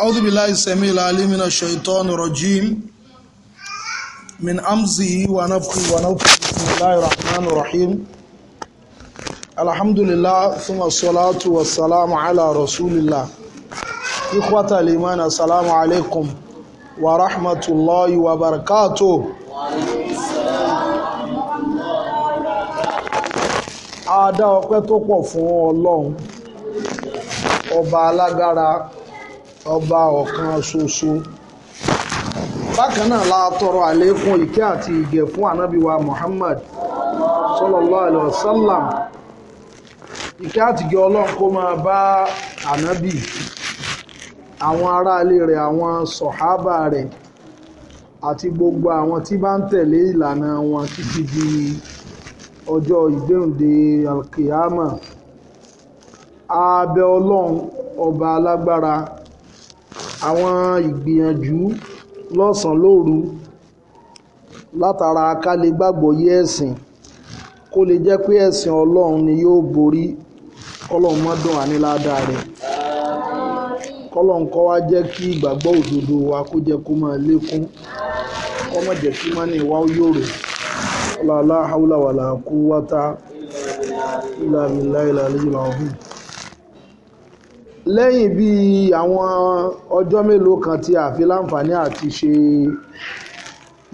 أعوذ بالله السميع العليم من الشيطان الرجيم من أمزه ونفخه ونفخه بسم الله الرحمن الرحيم الحمد لله ثم الصلاة والسلام على رسول الله إخوة الإيمان السلام عليكم ورحمة الله وبركاته a dá ọpẹ́ tó pọ̀ fún Ọlọ́run ọba alágbára ọba ọ̀kan ṣoṣo bákan náà la tọrọ àlékún ìkẹ́ àti ìgẹ̀ fún ànábìwa Muhammad sallallahu alaihi wasallam ìkẹ́ àti ìgẹ̀ ọlọ́run kó máa bá ànábì àwọn aráalé rẹ̀ àwọn sọ̀hábà rẹ̀ àti gbogbo àwọn tí bá ń tẹ̀lé ìlànà wọn títí di ọjọ́ ìgbéǹde alkiyama a ọlọ́run ọba alágbára àwọn ìgbìyànjú lọ́sàn-án lóru látara ká lè gbàgbọ́ yé ẹ̀sìn kó lè jẹ́ pé ẹ̀sìn ọlọ́run ni yóò borí kọ́lọ́run má dùn àníládàá rẹ̀ kọ́lọ́run kó wá jẹ́ kí ìgbàgbọ́ òdodo wa kó jẹ́ kó máa lékún kó má jẹ́ kí mánì wá yòrò la haula wala quwwata illa billahi al-aliyyil azim lẹ́yìn bíi àwọn ọjọ́ mélòó kan tí a fi láǹfààní àti ṣe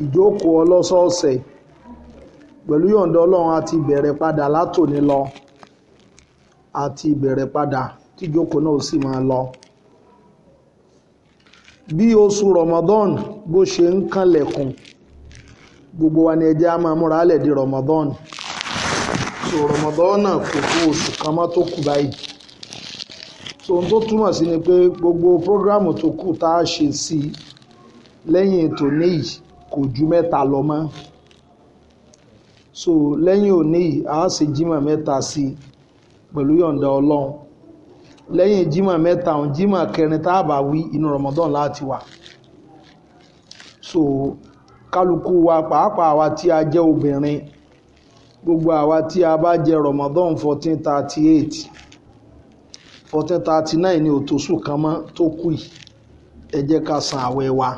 ìjókòó ọlọ́sọ̀ọ̀sẹ̀ pẹ̀lú yọ̀ǹda ọlọ́run àti ìbẹ̀rẹ̀ padà látòní lọ àti ìbẹ̀rẹ̀ padà tí ìjókòó náà sì máa lọ. bí oṣù Ramadan bó ṣe ń kanlẹ̀kùn gbogbo wa ni ẹjẹ́ á máa múra álẹ̀ di Ramadan so Ramadan náà kò tó oṣù kan mọ́ tó kù báyìí. so ohun tó túmọ̀ sí ni pé gbogbo prógrámù tó kù tá a ṣe sí i lẹ́yìn ètò níyì kò ju mẹ́ta lọ mọ́ so lẹ́yìn òní yìí a ṣe jímọ̀ mẹ́ta sí i pẹ̀lú yọ̀ǹda ọlọ́run lẹ́yìn jímọ̀ mẹ́ta òun jímọ̀ kẹrin tá a bá wí inú Ramadan láti wà so kálukú wa pàápàá àwa tí a jẹ́ obìnrin gbogbo àwa tí a bá jẹ Ramadan fourteen thirty eight fourteen thirty nine ni òtòṣù kan mọ́ tó kù yìí ẹ jẹ́ ká san àwẹ̀ wa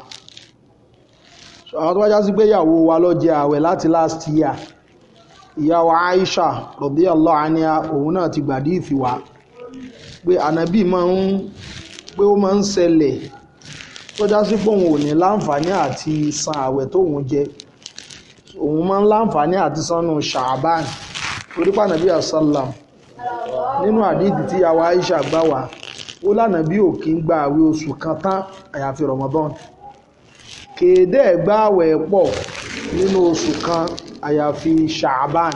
àwọn tó bá já sí pé ìyàwó wa ló jẹ àwẹ̀ láti last year ìyàwó Aisha radiyallahu anha òun náà ti gbàdí ìfìwà pé ànábì máa ń pé ó máa ń ṣẹlẹ̀ tó já sí pé òun ò ní láǹfààní àti san àwẹ̀ tóun jẹ òun máa ń láǹfààní àti sanu ṣàbán torípànàbí àṣàlám nínú àdíìtì tí yàwá Aisha gbà wá ó lànà bí ò kí ń gba àwẹ̀ oṣù kan tán àyàfi Ramadan kéde gba àwẹ̀ pọ̀ nínú oṣù kan àyàfi Sha'ban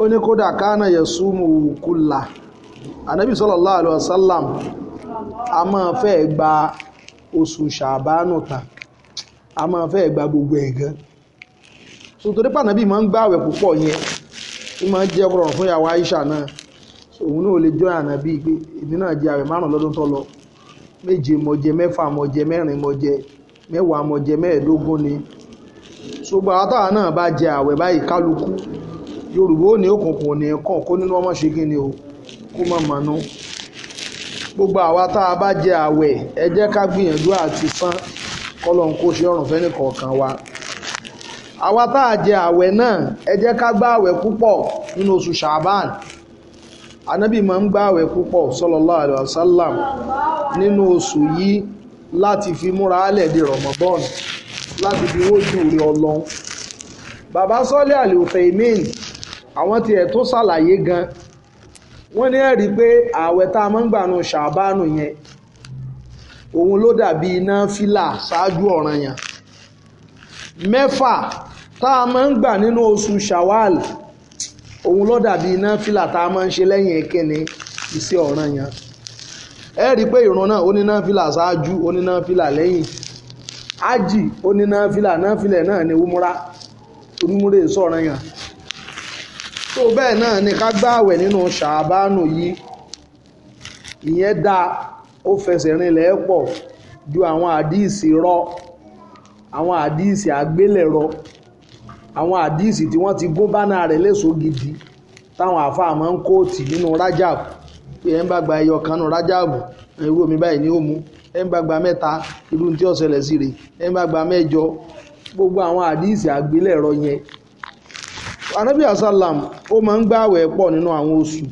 ó ní kódà kánà yasumu kulla anabi sallallahu alaihi wasallam a máa fẹ́ gba oṣù Sha'banu ta a máa fẹ́ gba gbogbo ẹ̀ gan so torí pé Ànábì máa ń gbààwẹ̀ púpọ̀ yẹn tí máa ń jẹ́ ọkọ̀ rọrùn fún ìyàwó Aisha náà òun náà lè jọ àná bíi pé èmi náà jẹ àwẹ̀ márùn lọ́dún tó lọ méje mo jẹ mẹ́fà mo jẹ mẹ́rin mo jẹ mẹ́wàá mo jẹ mẹ́ẹ̀ẹ́dógún ni ṣùgbọ́n àwọn táwa náà bá jẹ àwẹ̀ báyìí kálukú Yorùbá ò ní òkùnkùn ní ẹ̀kọ́ kó nínú ọmọ ṣe kíni o kó mọ̀ mọ̀nú gbogbo àwa tá bá jẹ àwẹ̀ ẹ jẹ́ ká gbìyànjú àti san kọ́lọ́n kó ṣe ọ̀rùn fẹ́nìkọ̀ọ̀kan wa àwa tá a jẹ àwẹ̀ náà ẹ jẹ́ ká gba àwẹ̀ púpọ̀ nínú oṣù ṣàbán anábì máa ń gba àwẹ̀ púpọ̀ sallallahu alaihi wasallam nínú oṣù yìí láti fi múra álẹ̀ di Ramadan láti fi wójú rí Ọlọ́run bàbá sọ́lé àlùfẹ̀mín àwọn tiẹ̀ tó ṣàlàyé gan wọ́n ní ẹ̀rí pé ààwẹ̀ tá a máa ń gbà nu ṣàbánù yẹn òun ló dàbí iná fìlà ṣáájú ọ̀ranyàn mẹ́fà tá a máa ń gbà nínú oṣù shawal òun ló dàbí náfìlà tá a máa ń ṣe lẹ́yìn ìkíni iṣẹ́ ọ̀ràn yẹn ẹ rí i pé ìrun náà ó ní náfìlà ṣáájú ó ní náfìlà lẹ́yìn ájì ó ní náfìlà náfìlẹ̀ náà ní wúmúra onímúre sọ̀ràn yẹn tó bẹ́ẹ̀ náà ni ká gbààwẹ̀ nínú ṣàbánù yìí ìyẹn dáa ó fẹsẹ̀ rinlẹ̀ pọ̀ ju àwọn àdíìsì rọ àwọn àdíìsì àgbélẹ̀rọ àwọn àdíìsì tí wọ́n ti gún bánà rẹ̀ léṣo gidi táwọn àáfàá máa ń kóòtì nínú rajab pé ẹ̀ ń bá gba ẹyọ kan nínú rajab irú omi báyìí ni ó mu ẹ̀ ń bá gba mẹ́ta irú tí ó ṣẹlẹ̀ sí rẹ̀ ẹ̀ ń bá gbogbo àwọn àdíìsì àgbélẹ̀rọ yẹn ó máa ń pọ̀ nínú àwọn oṣù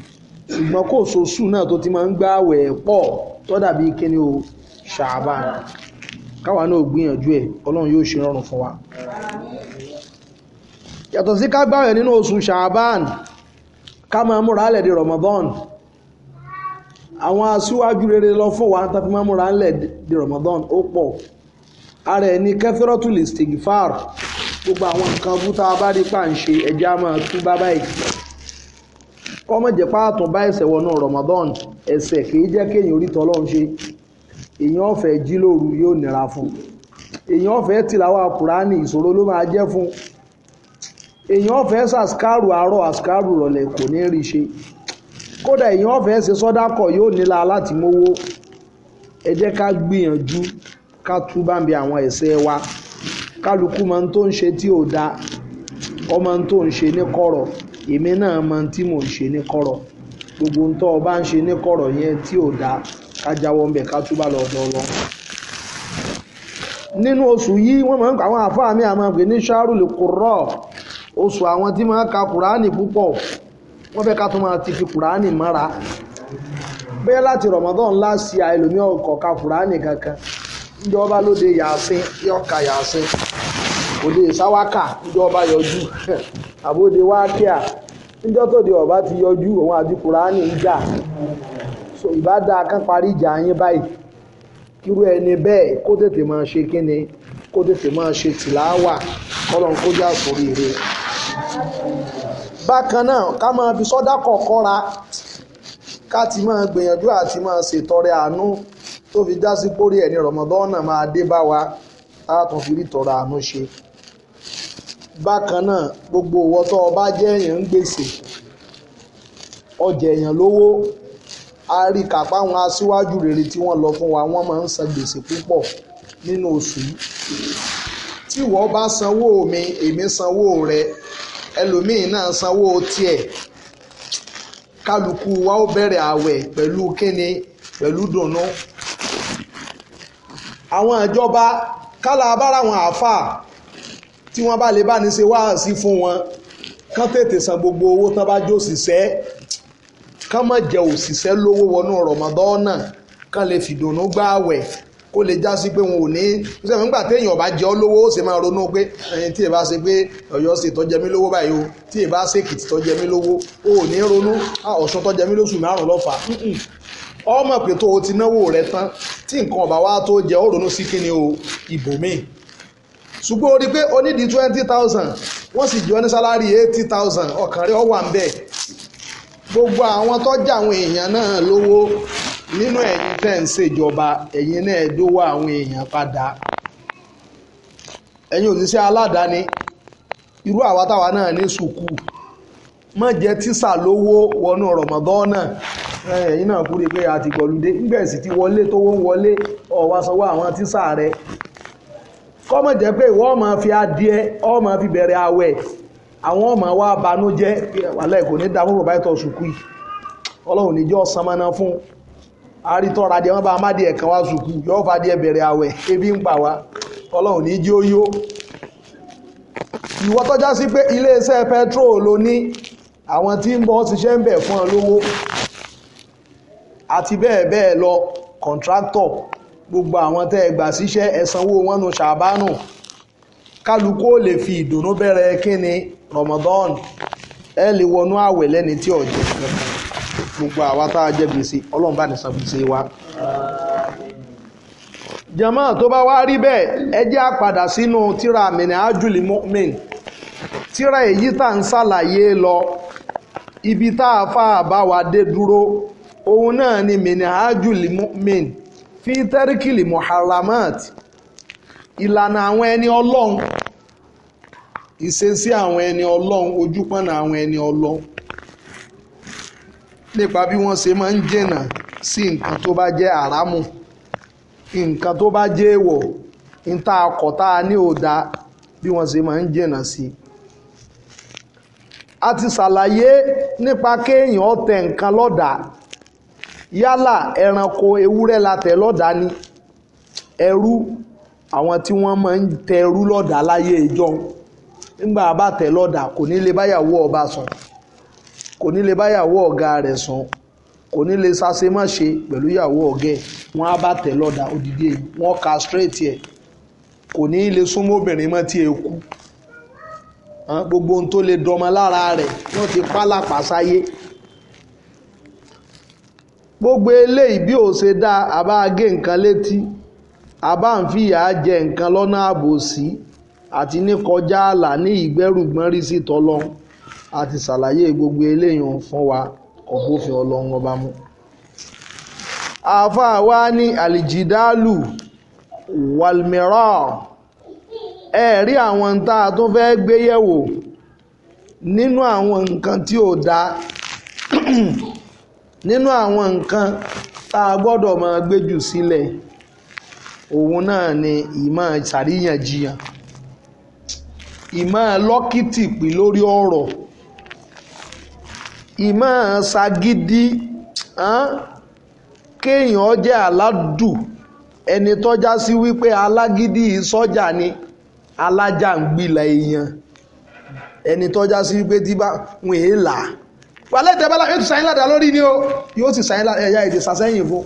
ṣùgbọ́n kò náà tó ti máa ń o káwa náà gbìyànjú ọlọ́run yóò ṣe rọrùn fún wa. yàtọ̀ sí ká gbààwẹ̀ nínú oṣù ṣàbán ká máa múra lẹ̀ di Ramadan àwọn aṣíwájú rere lọ fún wa tàbí máa múra lẹ̀ di Ramadan ó pọ̀ ara ẹ̀ ní kẹfẹ́rọ́tùl istigfar gbogbo àwọn nǹkan bú tá a bá rí pàǹṣe ẹ̀jẹ̀ á máa tú bá báyìí kọ́mọ̀ jẹ́ pààtàn bá ẹ̀ṣẹ̀ wọnú Ramadan ẹ̀ṣẹ̀ kìí jẹ́ kéèyàn orí tọ́lọ́run ṣe èèyàn ọ̀fẹ́ jí lóru yóò nira fún èèyàn ọ̀fẹ́ tìlàwà Kùránì ìṣòro ló máa jẹ́ fún èèyàn fẹ́ sàskárù àárọ̀ àskárù rọ̀lẹ́ kò ní rí ṣe kódà èèyàn fẹ́ ṣe sọ́dákọ̀ yóò nílá láti mówó ẹ jẹ́ ká gbìyànjú ká túbà ń bi àwọn ẹ̀ṣẹ̀ wa kálukú máa ń tó ń ṣe tí ò da ọmọ ń tó ń ṣe ní kọ̀rọ̀ èmi náà máa ń tí mò ń ṣe ní kọ̀rọ̀ gbogbo ń tọ́ ọ bá ń ṣe ní kọ̀rọ̀ yẹn tí ò da ká jáwọ́ ńbẹ̀ ká túbà lọ lọ́lọ́ nínú oṣù yìí wọ́n máa ń pa àwọn àfáà mi àmọ́ pé ní ṣáàrù lè kúrọ́ọ̀ oṣù àwọn tí máa ka kùránì púpọ̀ wọ́n fẹ́ ká tó máa ti fi kùránì mọ́ra bẹ́ẹ̀ láti Ramadan ńlá sí a ẹlòmíì ọkọ̀ ka kùránì kankan ìjọba lóde yàásín yọ̀ọ̀ka yàásín òde sáwákà ìjọba yọjú àbóde wákíà níjọ́ tó di ọ̀bá ti yọjú òun àti kùránì ń jà so ìbádá kan parí ìjà yín báyìí kírú ẹni bẹ́ẹ̀ kó tètè máa ṣe kíni kó tètè máa ṣe tìláwà kọ́lọ́n kó jà sórí rẹ̀ bákan náà ká máa fi sọ́dá kọ̀ọ̀kọ́ra ká ti máa gbìyànjú àti máa ṣètọrẹ àánú tó fi já sí pórí ẹni rọmọdọ́nà máa dé bá wa tá a tún fi rí tọrọ àánú ṣe bákan náà gbogbo owó tó o bá jẹ́ èèyàn ń gbèsè ọjà èèyàn lówó a rí kápá àwọn aṣíwájú rere tí wọ́n lọ fún wa wọ́n máa ń san gbèsè púpọ̀ nínú oṣù tí wọ́n bá sanwó mi èmi sanwó rẹ̀ ẹlòmíín náà sanwó tiẹ̀ kálukú wa ó bẹ̀rẹ̀ ààwẹ̀ pẹ̀lú kíni pẹ̀lú dùnnú àwọn ìjọba kálá abára àwọn àáfàá tí wọ́n bá lè bá ní ṣe wáàsí fún wọn kán tètè san gbogbo owó tán bá jó òṣìṣẹ́ kán má jẹ òṣìṣẹ́ lówó wọnú Ramadan náà kán lè fìdùnnú gbáwẹ̀ kó lè já sí pé wọn ò ní sẹ́fún nígbà téèyàn bá jẹ́ ọ́ lówó ó sì máa ronú pé ẹyin tí ì bá ṣe pé ọ̀yọ́ sì tọ́jẹ́ mi lówó báyìí o tí ì bá ṣe èkìtì tọ́jẹ́ mi lówó o ò ní ronú ọ̀ṣun tọ́jẹ́ mi lóṣù márùn lọ́fà ọmọ pé tó o ti náwó rẹ tán tí nǹkan ọ̀bà wa tó jẹ́ ó ronú sí kíni o ibòmíì ṣùgbọ́n o rí pé o ní di twenty thousand wọ́n sì jọ ní sálárì eighty thousand ọkàn rẹ̀ ó wà ń bẹ̀ gbogbo àwọn tọ́jà àwọn èèyàn náà lówó nínú ẹ̀yìn tẹ́ ń ṣèjọba ẹ̀yin náà dówó àwọn èèyàn padà ẹ̀yin òṣìṣẹ́ aládàáni irú àwa táwa náà ní sùkúù má jẹ́ tísà lówó wọnú rọ̀mọ̀dán náà ẹ̀yìn náà kúrò pé a ti ti wọlé wọlé ọ̀wá sanwó àwọn rẹ̀ jẹ́ pé ọmọ fi adìẹ fi bẹ̀rẹ̀ àwọn ọmọ wa banújẹ́ ní ọlọ́run níjọ́ àrítọ́ra díẹ̀ wọ́n bá amádìí ẹ̀kan wá sùkú yọ́ fà díẹ̀ bẹ̀rẹ̀ àwẹ̀ ebi ń pa wá ọlọ́run ní jí ó yó ìwọ tọ́já sí pé iléeṣẹ́ petrol ló ní àwọn tí ń bọ́ ṣiṣẹ́ ń bẹ̀ fún ọ lówó àti bẹ́ẹ̀ bẹ́ẹ̀ lọ kọ̀ǹtráktọ̀ gbogbo àwọn tẹ́ ẹ gbà síṣẹ́ ẹ̀sanwó wọn nu ṣàbánù kálukú ó lè fi ìdùnnú bẹ̀rẹ̀ kíni Ramadan ẹ lè wọnú àwẹ̀ lẹ́ni tí ọ̀jẹ̀ gbogbo àwa tá a jẹ gbèsè ọlọ́run bá ní san wa. jama tó bá wá rí bẹ́ẹ̀ Tira jẹ́ àpàdà sínú tíra mìíràn ájúlì mọ́mìn tíra èyí ń lọ ibi tá a fà bá wa dé dúró òun náà ni mìíràn ájúlì mọ́mìn fi tẹ́ríkìlì muharramat ìlànà àwọn ẹni ọlọ́run ìṣesí àwọn ẹni ọlọ́run ojúpọ̀nà àwọn ẹni ọlọ́run nípa bí wọ́n ṣe máa ń jìnnà sí nǹkan tó bá jẹ́ àrámù nǹkan tó bá jẹ́ èèwọ̀ níta ọkọ̀ tá a ní òda bí wọ́n ṣe máa ń jìnnà sí. a ti ṣàlàyé nípa kéèyàn tẹ nǹkan lọ́dà yálà ẹranko ewúrẹ́ la tẹ̀ lọ́dà ni ẹrú àwọn tí wọ́n máa ń tẹ ẹrú lọ́dà láyé ìjọ nígbà bá tẹ̀ lọ́dà kò ní lè báyàwó ọba sùn kò ní lè báyàwó ọ̀gá rẹ̀ sùn kò ní lè ṣàṣemáṣe pẹ̀lú ìyàwó ọ̀gẹ́ wọn á bá tẹ̀ lọ́dà òdìdí èyí wọn kà straight ẹ̀ kò ní lè súnmọ́ obìnrin mọ́ tí eku gbogbo ohun tó lè dọmọ lára rẹ̀ wọ́n ti pálapà sáyé gbogbo eléyìí bí ò ṣe dá àbá gé nǹkan létí àbá ń fìyà jẹ nǹkan lọ́nà àbòsí àti ní kọjá àlà ní ìgbẹ́rùgbọ́n rí sí tọ́lọ́hún a ti ṣàlàyé gbogbo eléyìí fún wa kò bófin ọlọ́run ọba mu. àáfàá wa ní àlìjìdálù wàlmírà ẹ̀rí àwọn nta tó fẹ́ gbé yẹ̀wò nínú àwọn nǹkan tí ò dáa nínú àwọn nǹkan tá a gbọ́dọ̀ máa gbéjù sílẹ̀ òun náà ni ìmọ̀ ṣàríyànjiyàn ìmọ̀ lọ́kìtì lórí ọ̀rọ̀ ìmọ̀ ṣàgídí kéèyàn jẹ́ aládù ẹni tọ́já sí wípé alágídí sọ́jà ni alájà ń gbilà èèyàn ẹni tọ́já sí wípé tí bá wọn èé là á wàlẹ́ tẹ́ bá lára yóò ti sàyín ládàá lórí ni o yóò ti sàyín ládàá ẹ̀yà èdè sàsẹ́yìn fún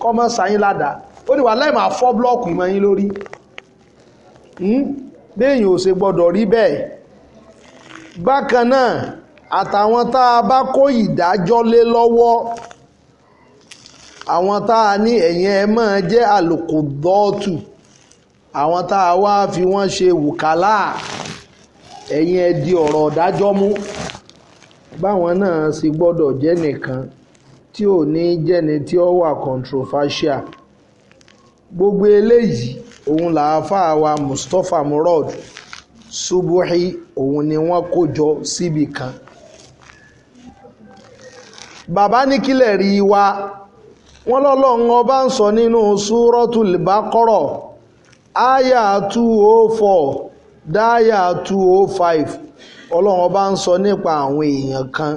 kọ́mọ sàyín ládàá ó ní wàlẹ́ máa fọ́ búlọ́ọ̀kù mọ́ yín lórí léèyàn hmm? ò ṣe gbọ́dọ̀ rí bẹ́ẹ̀ bákan náà àtàwọn tá a bá kó ìdájọ́ lé lọ́wọ́ àwọn tá a ní ẹ̀yìn ẹ máa jẹ́ àlòkù dọ́ọ̀tù àwọn tá a wá fi wọ́n ṣe wùkálà ẹ̀yìn ẹ di ọ̀rọ̀ ìdájọ́ mú báwọn náà sì gbọ́dọ̀ jẹ́ nìkan tí ò ní jẹ́ni tí ó wà controversial gbogbo eléyìí òun làáfàá wa Mustapha Murad Subuhi òun ni wọ́n kó jọ síbì kan bàbá ní kílẹ̀ rí wa wọ́n lọ́lọ́run ọba ń sọ nínú súrọ́tul Baqara áyà 204 dáyà 205 ọlọ́run ọba ń sọ nípa àwọn èèyàn kan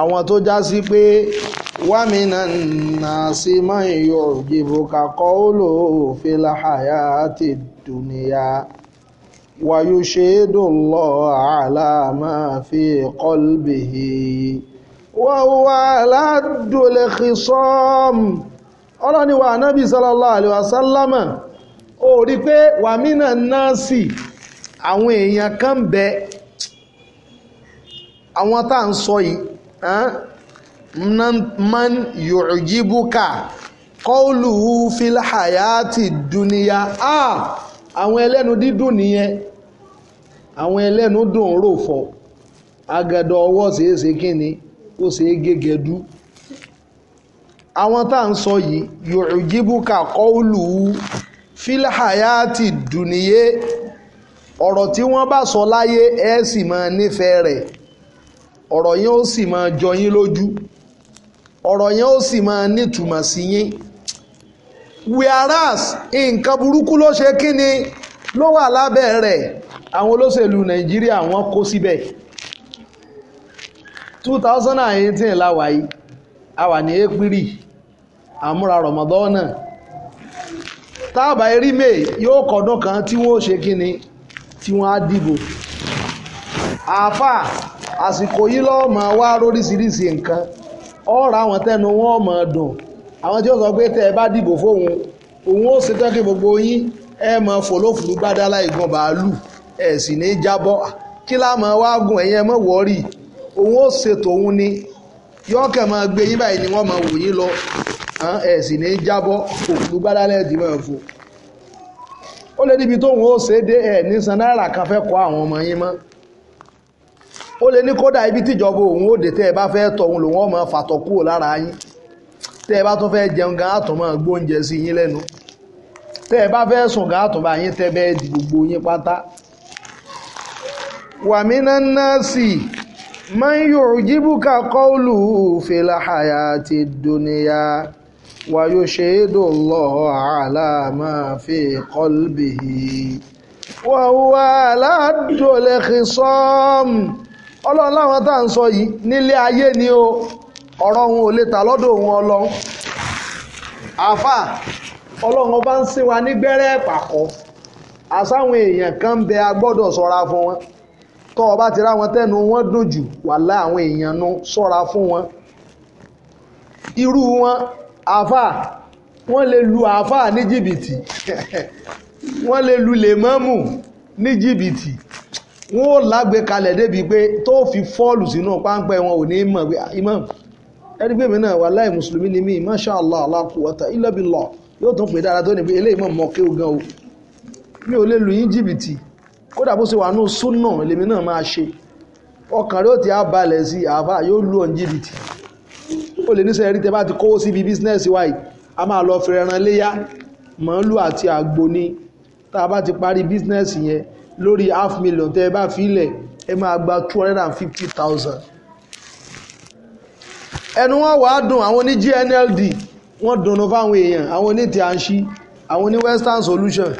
àwọn tó já sí pé wàmínà nàásì máa ń yọ òjìbò kakọ́ ó lò ó fi láhàyà àti dùnìyà wàyúṣe dùn lọ́ọ́ àlàmà fi kọ́lbìhì wàhùwà aládùlẹ̀ kìsọ́m ọlọ́ni wa anábì sallallahu alaihi wasallam ó rí pé wàmínà nasi àwọn èèyàn kan bẹ àwọn tá à ń sọ yìí man yu'jibuka qawluhu fil hayati duniya àwọn ẹlẹ́nu dídùn nìyẹn àwọn ẹlẹ́nu dùn rò fọ́ agẹ̀dọ̀ ọwọ́ ṣeéṣe kí ni. Ah, ó ṣe é gégé dú àwọn tá à ń sọ yìí yu'jibuka qawlu filhayati duniye ọ̀rọ̀ tí wọ́n bá sọ láyé ẹ sì máa nífẹ̀ẹ́ rẹ̀ ọ̀rọ̀ yẹn ó sì máa jọ yín lójú ọ̀rọ̀ yẹn ó sì máa nítumọ̀ sí yín whereas nǹkan burúkú ló ṣe kí ni ló wà lábẹ́ rẹ̀ àwọn olóṣèlú nàìjíríà wọ́n kó síbẹ̀. Si 2018 la wà yìí a wà ní April àmúra rọmọdọ́nà táàbà erí may yóò kọ̀dún kan tí wọ́n ṣe kí ni tí wọ́n á dìbò àáfàá àsìkò yìí lọ́ọ́ mọ̀ wá lóríṣiríṣi nǹkan ọ̀rọ̀ àwọn tẹnu wọn mọ̀ dùn àwọn tí ó sọ pé tẹ́ ẹ bá dìbò fóun òun ó ṣe tán kí gbogbo yín ẹ mọ fòlófòló gbádá láì bàálù ẹ sì ní jábọ́ kí láàmú wá gùn ẹ̀yìn mọ̀ wọ́ọ́rì òun ó ṣètò òun ni yọ́ máa gbé yín báyìí ni wọ́n máa wò yín lọ ẹ̀ sì ní jábọ́ òkú gbádálẹ̀ ìdìbò ẹ̀fọ́ ó lé níbi tóun ó ṣe é dé ẹ̀ ní san náírà kan fẹ́ kọ́ àwọn ọmọ yín mọ́ ó lé ní kódà ibi tíjọba òun ó dé tẹ́ ẹ bá fẹ́ tọ̀ òun lòun ó máa fàtọ̀ kúrò lára yín tẹ́ ẹ bá tún fẹ́ jẹun gan àtọ̀ máa gbóúnjẹ sí yín lẹ́nu tẹ́ ẹ bá fẹ́ sùn gan àtọ̀ bá yín tẹ́ bẹ́ẹ̀ di gbogbo yín pátá wàmínà náà sì. من يعجبك قوله في الحياة الدنيا ويشهد الله على ما في قلبه وهو wa huwa aladdul khisam ọlọ́run láwọn tá à ń sọ yìí nílé ayé ni o ọ̀rọ̀ òun ò lè ta lọ́dọ̀ òun ọlọ́run àfà ọlọ́run ọba ń sìn wa nígbẹ́rẹ́ pàkọ́ àsáwọn èèyàn kan bẹ agbọ́dọ̀ sọ́ra fún wọn tọ́ ọ bá ti rá wọn tẹ́nu wọn dùn jù wà lá àwọn èèyàn nu sọ́ra fún wọn irú wọn àáfàá wọ́n lè lu àáfàá ní jìbìtì wọ́n lè lu lèmọ́mù ní jìbìtì wọ́n ò lágbe kalẹ̀ débi pé tó fi fọ́ọ̀lù sínú páńpẹ́ wọn ò ní mọ̀ pé imam ẹni pé mi náà wà láì mùsùlùmí ni mí masha allah la quwata illa billah yóò tún pè dára tó ní pé eléyìí mọ̀ mọ́ kéwù gan o mi ò lè lu yín jìbìtì kódà bó ṣe wà ní súnà lèmi náà máa ṣe ọkàn rẹ̀ ó ti á balẹ̀ sí àáfà yóò lù ọ̀n jìbìtì ó lè níṣẹ́ rí tẹ́ bá ti kówó síbi bísínẹ́sì wáyé a máa lọ fẹ̀rẹ̀ ran léyà màálù àti àgbo ni tá a bá ti parí bísínẹ́sì yẹn lórí half million tẹ́ ẹ bá fi ilẹ̀ ẹ máa gba two hundred and fifty thousand ẹnu wọn wàá dùn àwọn ní GNLD wọn dùnú fáwọn èèyàn àwọn ní tìǹṣì àwọn ní Western Solution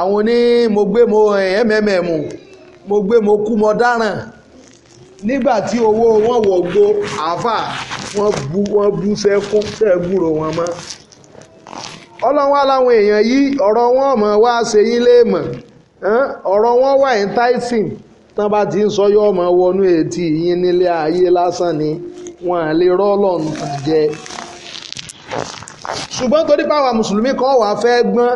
àwọn oní mo gbé mo mmm mo gbé mo kú mo dáràn nígbà tí owó wọn wọ̀ gbó àáfà wọn bu wọn bu sẹ́kún sẹ́gbúrò wọn mọ́ ọlọ́wọ́n aláwọn èèyàn yìí ọ̀rọ̀ wọn mọ̀ wá ṣe yín léèmọ̀ ọ̀rọ̀ wọn wà ní tyson tán bá ti ń sọ yọ ọmọ wọnú etí yín nílé ayé lásán ni wọn à lè rọ́ọ̀lọ́ nǹkan jẹ ṣùgbọ́n torí pàwọn mùsùlùmí kan wà fẹ́ gbọ́n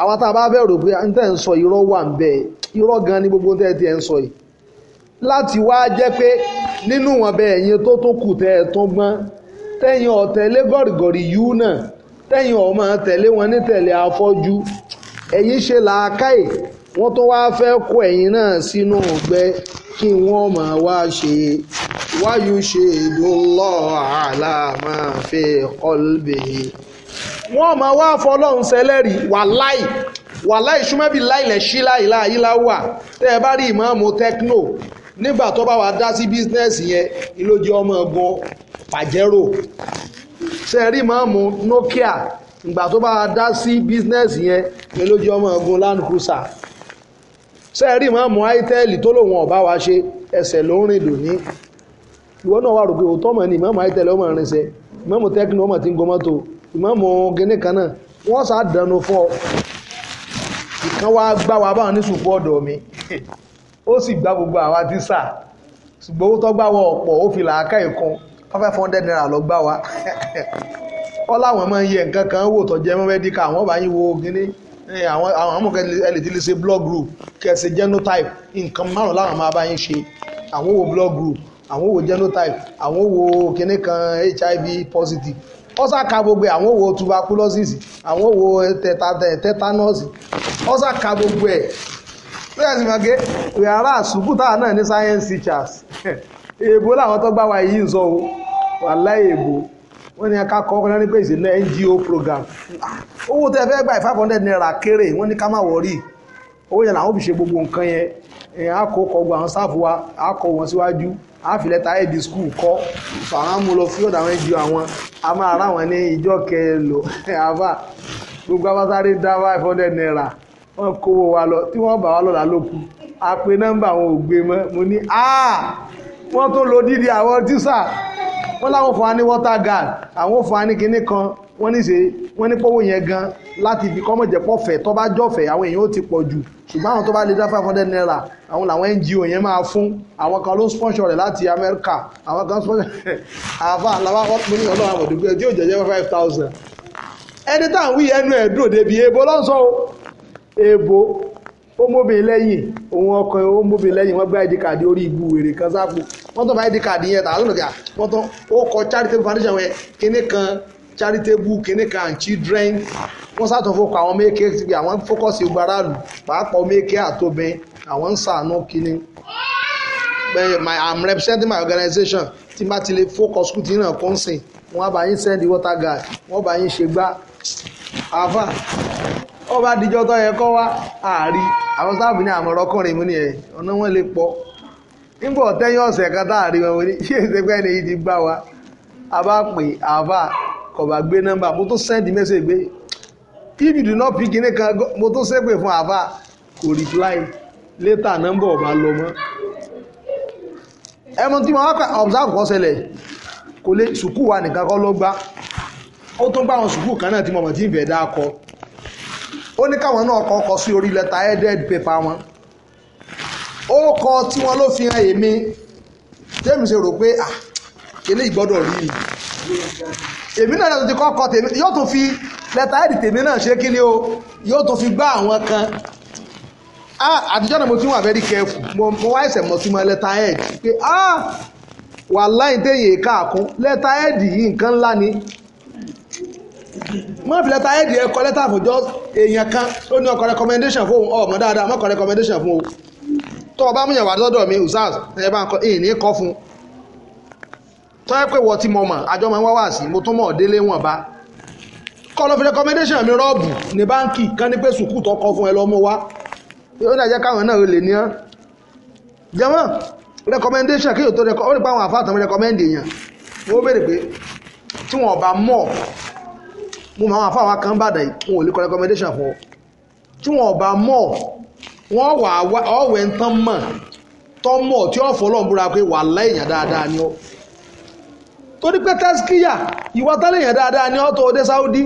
àwọn tá a bá bẹ̀rù pé n tẹ́ ń sọ irọ́ wà ń bẹ̀ irọ́ gan ni gbogbo tẹ́ ti ẹ̀ ń sọ yìí láti wá jẹ́ pé nínú wọn bẹ ẹ̀yin tó tó kù tẹ́ ẹ tó gbọ́n tẹ́yin ọ̀tẹ̀lé gọ̀rìgọ̀rì yìí náà tẹ́yin ọmọ tẹ̀lé wọn ní tẹ̀lé afọ́jú ẹ̀yin ṣe làákàyè wọ́n tó wá fẹ́ kó ẹ̀yin náà sínú ọgbẹ́ kí wọ́n máa wá ṣe wáyú ṣe ìdúnlọ́ọ̀ àlàmáfẹ́ kọ́lbẹ̀ẹ́ wọ́n máa wá fọlọ́run sẹlẹ́rì wàláì wàláì ṣúmẹ́bì láìlẹ̀ ṣí láìlá ìláwà tẹ́ ẹ bá rí ìmáàmù tẹ́kínò nígbà tó bá wàá dá sí bísínẹ́sì yẹn ìlójú ọmọ ọgbọ́n pàjẹ́rò ṣe rí ìmáàmù Nokia ìgbà tó bá wàá dá sí bísínẹ́sì yẹn ìlójú ọmọ ọgbọ́n Land Cruiser ṣe rí ìmáàmù Itel tó lòun ọ̀bá wa ṣe ẹsẹ̀ ló ń rìn lóní ìwọ náà wà ní ìmáàmù ìmọ̀mù gẹ́nẹ́ kan náà wọ́n sá dànù fún ọ ìkan wá gbá wa báwọn ní sùpọ̀ ọ̀dọ̀ mi ó sì gbá gbogbo àwa tí sà ṣùgbọ́n ó tọ́gbà wọ ọ̀pọ̀ ó fi làákà ìkan five hundred naira lọ gbá wa wọ́n láwọn máa ń yẹ nǹkan kan wò tọ́jẹ́ mọ́ mẹ́díkà àwọn bá yín wo gíní àwọn àmọ̀kẹ́ ẹlẹ́tìlẹ́ ṣe blog group kẹsẹ̀ genotype nǹkan márùn láwọn máa bá yín ṣe àwọn wo blog group àwọn wo genotype àwọn wo kíní kan hiv positive ọ́sà ka gbogbo àwọn wo tuberculosis àwọn wo tetanus ọ́sà ka gbogbo ẹ̀ lẹ́yìn ìgbà pé yàrá àsùkú táwọn náà ní science teachers èèbó làwọn tó gbá wa yìí ń sọ o wàhálà èèbó wọ́n ní ká kọ́ ọ́nà ní pé ìsìn NGO program owó tẹ́ fẹ́ gbà five hundred naira kéré wọ́n ní ká má wọ̀rí owó yẹn làwọn fi ṣe gbogbo nǹkan yẹn èèyàn àkó kọgbọ àwọn sáfù wa àkọ wọn síwájú àfilẹ́ta ẹ̀dì skul kọ́ fàámù lọ fún ọ̀dà àwọn ìjọ àwọn a máa rà wọn ní ìjọ kẹlò àbá gbogbo abásáré dá five hundred naira wọn kówó wa lọ tí wọ́n bá wa lọ́la ló kù a pe nọ́mbà àwọn ò gbé mọ́ mo ní wọ́n tó lo dídí àwọn tíṣà wọ́n láwọn fún wa ní water guard àwọn fún wa ní kinní kan wọ́n ní ṣe wọ́n ní pọ́wọ́ yẹn gan láti fi kọ́mọ̀ jẹ́ pọ̀fẹ́ tó bá jọ̀fẹ́ àwọn èèyàn ó ti pọ̀ jù ṣùgbọ́n àwọn tó bá lè dá five hundred naira àwọn làwọn NGO yẹn máa fún àwọn kan ló ń sponsor rẹ̀ láti Amẹ́ríkà àwọn kan sponsor àfa àlàbà wọ́n pín ní ọlọ́run àmọ̀dúgbò ẹjọ́ ìjẹ́jẹ́ five thousand ẹni táwọn wí ẹnu ẹ̀ dúró débi èèbó lọ́sọ̀ọ́ èèbó ó móbìnrin lẹ́yìn òun ọkàn ó móbìnrin lẹ́yìn wọ́n gbá id card orí ibu wèrè kan sápò wọ́n tó bá id card yẹn tàbí lọ́dọ̀ kí wọ́n tó ó kọ charitable foundation yẹn kíní kan charitable kíní kan and children wọ́n sàtọ̀ fọkọ̀ àwọn méèké ti àwọn fókọ̀sì ogun aráàlú pàápàá méèké àtòbin àwọn ń sàánú kíní my i'm representing my organization tí n bá ti lè fókọ̀sì kùtì náà kó ń sìn wọ́n bá yín send water guy wọ́n bá yín ṣe gbá àfà ó bá dijọ́ tó yẹ kọ́ wá àárí àwọn sáàbù ní àmọ̀rọ̀ ọkùnrin mú ni ọ̀nà wọn lè pọ̀ nígbà ọ̀tẹ́yìn ọ̀sẹ̀ kan táàrí wọn ní ṣé pé ẹni wa a bá pè àáfà kò gbé nọ́mbà mo tún send gbé if you do fún àáfà kò reply later lọ mọ́ ẹmu tí wá observe kọ́ wa nìkan kọ́ ló gbá ó tún gbá àwọn sùkúù kan náà tí ó ní káwọn náà kọ́ kọ sí orí lẹ́tà headed paper wọn ó kọ tí wọ́n ló fi hàn èmi tèmi rò pé ah eléyìí gbọ́dọ̀ rí i èmi náà ti kọ́ kọ tèmi yóò tún fi lẹ́tà headed tèmi náà ṣe kí ni o yóò tún fi gbá àwọn kan ah, àtijọ́ náà mo ti wà very careful mo wá ẹsẹ̀ mọ̀ sí mọ́ lẹ́tà head pé ah wà láì téyè káàkún lẹ́tà head yìí nǹkan ńlá ni má fi lẹ́tà ẹ̀dì ẹ̀kọ́ lẹ́tà àfòjọ́ èèyàn kan ó ní ọkọ recommendation fún òun ọmọ dáadáa mọ́kọ recommendation fún o tó o bá mú yàn wá lọ́dọ̀ mi usaz ẹ bá ń kọ èyí ní kọ́ fún un tó yẹ pé wọ́n ti mọ̀ mọ̀ àjọ máa ń wá wá sí mo tún mọ̀ délé wọn bá kọ́ ló fi recommendation mi rọ́ọ̀bù ní báǹkì kan ní pé sùkúù tó kọ́ fún ẹ lọ́mú wá ó ní àjẹ́ káwọn náà lè ní án jẹ́mọ́ recommendation kí yóò tó rẹ́kọ́ ó rí pé àwọn àfáàtàn mo máa wọn àfáwọn kan bàdà wọn ò recommendation fún ọ tí wọn ọba mọ̀ wọn wà ọwẹ́ ń tán mọ̀ tọ́ mọ̀ tí ó fọ́ lọ́nbúra pé wà láìyàn dáadáa ni ọ torí pé tẹ́síkíyà ìwà tẹ́lẹ̀yàn dáadáa ni ọ tó dé Saudi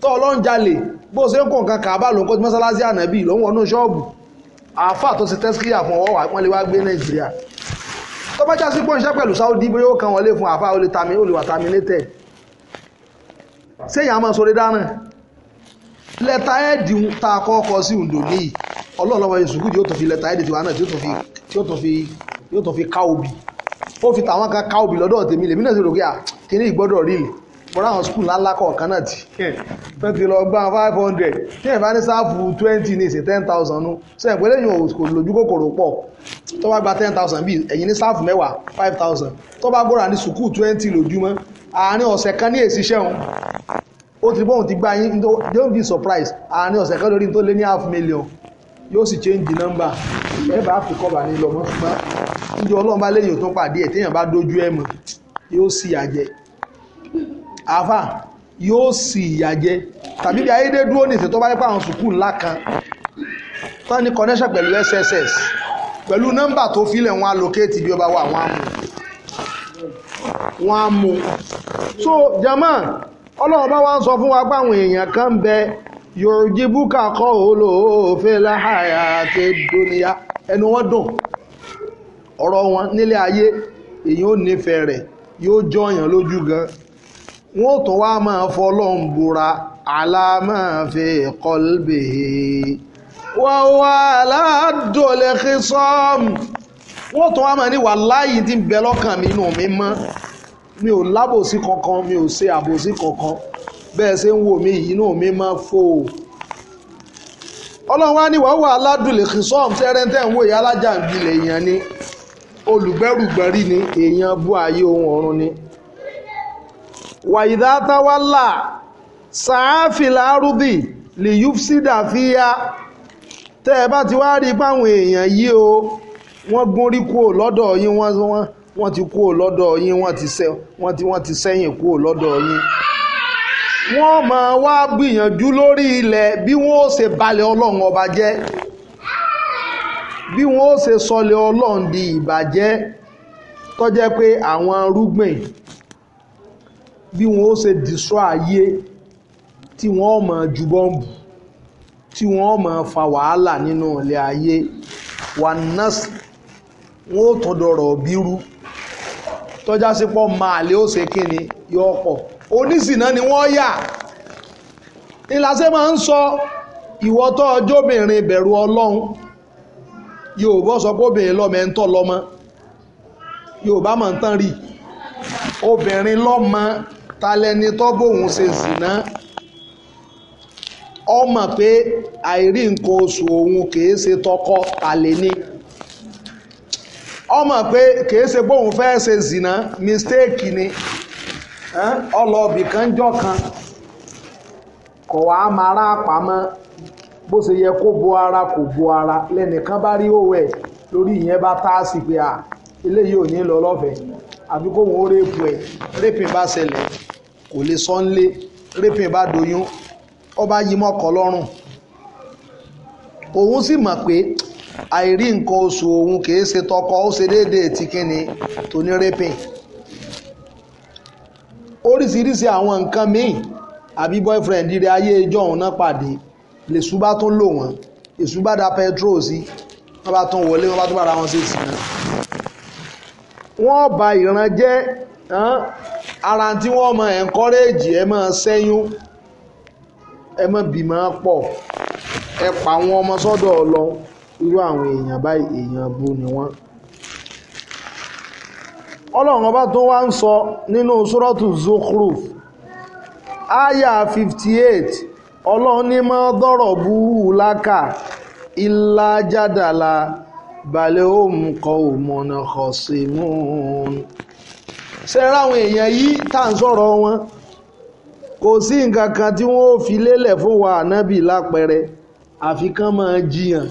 tọ́ ọlọ́run jalè bó ṣe ń kó nǹkan kàbá ló ń kó tí mọ́sálásí ànábì ló ń wọnú ṣọ́ọ̀bù àáfà tó ṣe tẹ́síkíyà fún ọwọ́ wọn lè wá gbé Nàìjíríà tó bá jásí pé pẹ̀lú Saudi bóyá ó kan wọlé fún àáfà ó lè tàmí ó lè wà terminated sẹ́yìn a máa sọ dédá náà lẹ́tà ẹ́ẹ̀dì tá a kọ́kọ́ sí òǹdò níyì ọlọ́ọ̀lọ́wọ́ yẹn sùkúù yóò tó fi lẹ́tà ẹ́ẹ̀dì tiwa náà tí yóò tó fi ká obì ó fi tàwọn kan ká obì lọ́dọ̀ tèmi lèmi náà ti rò pé à kíní ìgbọ́dọ̀ rí lè bọ́dọ̀ àwọn sùkúù ńláńlá kọ̀ọ̀kan náà ti fẹ́ ti lọ gbá five hundred tí ẹ̀ bá ní sáàfù twenty ní ìsìn ten thousand nù sẹ́yìn pé lẹ́yìn kò lójú kòkòrò pọ̀ tó bá gba ten thousand bíi ẹ̀yìn ní sáàfù mẹ́wàá five thousand tó bá gbọ́dọ̀ ní sùkúù twenty lójúmọ́ àárín ọ̀sẹ̀ kan ní èsì iṣẹ́ wọn ó ti bóun ti gbá yín don't be surprised àárín ọ̀sẹ̀ kan lórí tó lé ní half million yóò sì change the number ẹ bá fi kọ́ bá ní lọ́mọ́ ṣùgbọ́n níjẹ́ ọlọ́run bá léyìn tó pàdé ẹ̀ téèyàn bá dojú ẹ̀ mọ̀ yóò sì yàjẹ́ àáfà yóò sì yàjẹ́ tàbí bí ayédè dúró nìṣẹ́ tó bá yẹ pé àwọn sùkúù ńlá kan tán ní connection pẹ̀lú SSS pẹ̀lú nọ́mbà tó filẹ̀ wọn allocate bí ó bá wà wọn á mú wọn á mú so jama ọlọ́run bá wá ń sọ fún wa pé àwọn èèyàn kan bẹ yorùjí búkà kọ́ olóòfin láhàyà àti dúníyà ẹnu wọn dùn ọ̀rọ̀ wọn nílé ayé èyàn ò nífẹ̀ẹ́ rẹ̀ yóò jọyàn lójú gan wọn ò tún wá máa fọlọ́run búra aláàmáfi kọ́lbè wọ́n wá aládòlẹ́kísọ́ọ̀mù wọ́n tún wá máa ní wàláyìí tí ń bẹ lọ́kàn mi nù mí mọ́ mi ò lábòsí kankan mi ò ṣe àbòsí kankan bẹ́ẹ̀ ṣe ń wò mí inú mi máa fò ó ọlọ́run á ní wàá wà aládùlẹ̀ kìsọ́ọ̀m tẹ́rẹ́ntẹ́ ń wò ìyá alájà ń gbilẹ̀ èèyàn ni olùgbẹ́rùgbẹ́rí ni èèyàn bú ayé ohun ọ̀run ni wàyídá táwálà sàáfìlà arúbì lè yúfsídà fíyá tẹ́ ẹ bá ti wá rí báwọn èèyàn yìí o wọ́n gúnrí kúrò lọ́dọ̀ yín wọ́n wọ́n wọ́n ti kúrò lọ́dọ̀ yín wọ́n ti sẹ́ wọ́n ti wọ́n ti sẹ́yìn kúrò lọ́dọ̀ yín wọ́n máa wá gbìyànjú lórí ilẹ̀ bí wọ́n ó ṣe balẹ̀ ọlọ́run ọba jẹ́ bí wọ́n ó ṣe sọlẹ̀ ọlọ́run di ìbàjẹ́ tó jẹ́ pé àwọn rúgbìn bí wọ́n ó ṣe dìṣọ́ ayé tí wọ́n máa ju bọ́ǹbù tí wọ́n máa fa wàhálà nínú ilẹ̀ ayé wà nọ́ọ̀sì wọ́n ó tún dọ̀rọ̀ bírú tọ́já sí pọ̀ máa lé òsè kíni yọ ọ̀pọ̀ onísìnà ni wọ́n yà ìlàsẹ́ máa ń sọ ìwọ́tọ́ ọjọ́bìnrin bẹ̀rù ọlọ́run Yorùbá sọ pé obìnrin lọ́mọ ẹ̀ ń tọ́ lọ́mọ Yorùbá máa ń tán rí obìnrin lọ́mọ talẹ́ni tó bóun ṣe zìnà ọmọ pé àìrí nǹkan oṣù òun kìí ṣe tọkọ tàlẹ́ ọmọ pé kìí ṣe bóun fẹ́ ṣe zìnà mistake ni ọlọ́ọ̀bì kan jọ kan kọ̀ wá máa rá pamọ́ bó ṣe yẹ kó bo ara kò bo ara lẹ́nìkan bá rí òwe lórí ìyẹn bá tá a sì pé à eléyìí ò ní lọ lọ́fẹ̀ẹ́ àbí kóun ó rèpù ẹ̀ rèpìn bá ṣẹlẹ̀ kò lè sọ ń lé rèpìn bá doyún ó bá yí mọ́kọ̀ lọ́rùn òun sì mọ̀ pé àìrí nǹkan oṣù òun kìí ṣe tọkọ ó ṣe déédéé tí kínni tó ní rẹ́pìn oríṣiríṣi àwọn nǹkan míì àbí boyfriend rẹ ayé ijó òun náà pàdé lèṣù bá tún lò wọ́n èṣù bá da petrol sí wọ́n bá tún wọlé wọ́n bá tún bára wọn ṣe sí náà wọ́n ba ìran jẹ́ ara tí wọ́n mọ encourage ẹ máa ṣẹ́yún ẹ máa bímọ pọ̀ ẹ pa àwọn ọmọ sọ́dọ̀ ọlọ́run irú àwọn èèyàn báyìí èèyàn bú ni wọ́n ọlọ́run ọba tó wá ń sọ nínú sórọ́tù Zukhruf aya 58 ọlọ́run ní mọ́ dọ́rọ̀ búhù lákà ilá jádàlá balẹ̀ òun kọ òmùnà ọ̀sẹ̀ mún sẹ́rà àwọn èèyàn yìí tá à ń sọ̀rọ̀ wọn kò sí nǹkan kan tí wọ́n ó fi lélẹ̀ fún wa ànábì lápẹẹrẹ àfi máa jiyàn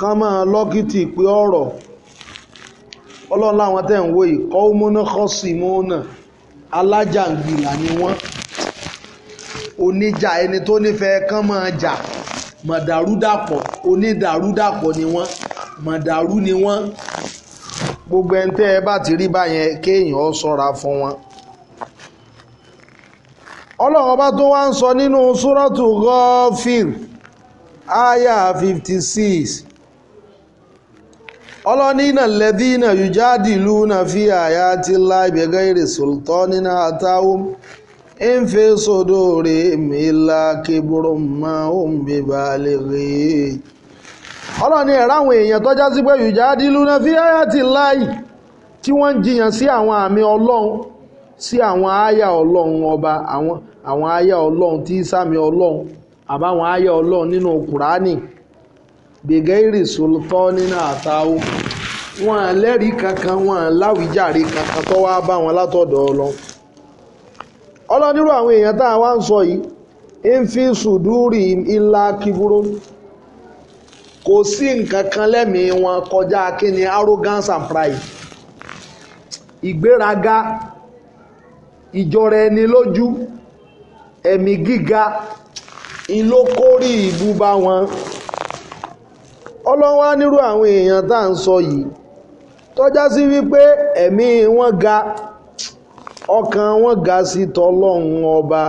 kán máa lọ́kìtì pé ọ̀rọ̀ ọlọ́run láwọn tẹ̀ ń wo ìkọ́ mọ́nà kọ́sì mọ́nà alájàngbìlà ni wọ́n oníjà ẹni tó nífẹ̀ẹ́ kán máa jà mọ̀dàrúdàpọ̀ onídàrúdàpọ̀ ni wọ́n mọ̀dàrú ni wọ́n gbogbo ẹni tẹ́ ẹ bá ti rí báyẹn kéèyàn ó sọ́ra fún wọn. ọlọ́run ọba tó wá ń sọ nínú súrọ́tù Ghafir aya fifty six ọlọ́ni náà lẹ́dí na yùjáàdì ìlú fi àyà ti la ìbẹ̀gẹ́ èrè sòlítọ́ ń fẹ́ la kébùrọ̀ mọ́ òun bí balẹ̀ rè ọlọ́ni èèyàn tọ́já sí pé yùjáàdì ìlú fi àyà ti láì tí wọ́n jiyàn sí àwọn àmì ọba àwọn àyà ọlọ́run tí sàmì ọlọ́run àbáwọn àyà ọlọ́run nínú kùránì. bẹ̀gẹ́rì sọ̀tọ́ nínú àtàwọn wọn lẹ́rìí kankan wọn láwíjàre kankan tó wá bá wọn látọ̀dọ̀ lọ ọlọ́nirú àwọn èèyàn tá a wá ń sọ yìí ń fi sùdúrì ńlá kíburú kò sí nǹkan kan lẹ́mìí wọn kọjá kíni arrogance and pride ìgbéraga ìjọra ẹni lójú ẹ̀mí gíga ìlókórì ìbú wọn. ọlọ́run á nírú àwọn èèyàn tá à ń sọ yìí tọ́já sí wípé ẹ̀mí wọn ga ọkàn wọn ga sí tọlọ́run ọba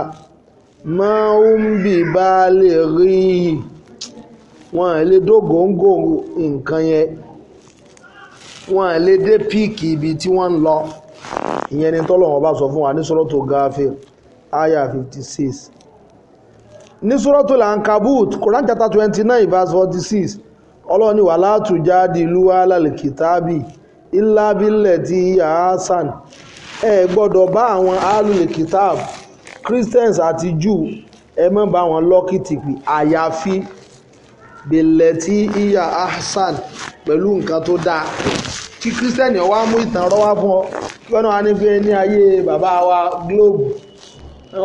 máa ń bì bá lè rí i wọn à lè dógóńgò nǹkan yẹn wọn lè dé píìkì ibi tí wọ́n ń lọ ìyẹn ni tọ́lọ́run ọba sọ fún wa ní Suratul Ghafir aya fifty six ní Suratul Ankabut Quran chapter twenty nine verse forty six ọlọ́ni wà látù jáde ìlú alàlìkìtàbì ìlàbílẹ̀ ti yahasan ẹ gbọ́dọ̀ bá àwọn alùlìkìtàb christians àti jew ẹ má bá wọn lọ́kìtìpì àyàfi bẹ̀lẹ̀ ti iya hasan pẹ̀lú nǹkan tó dáa kí christian yẹn wá mú ìtàn rọ́wá fún ọ fẹ́ràn wa ní pé ní ayé bàbá wa globe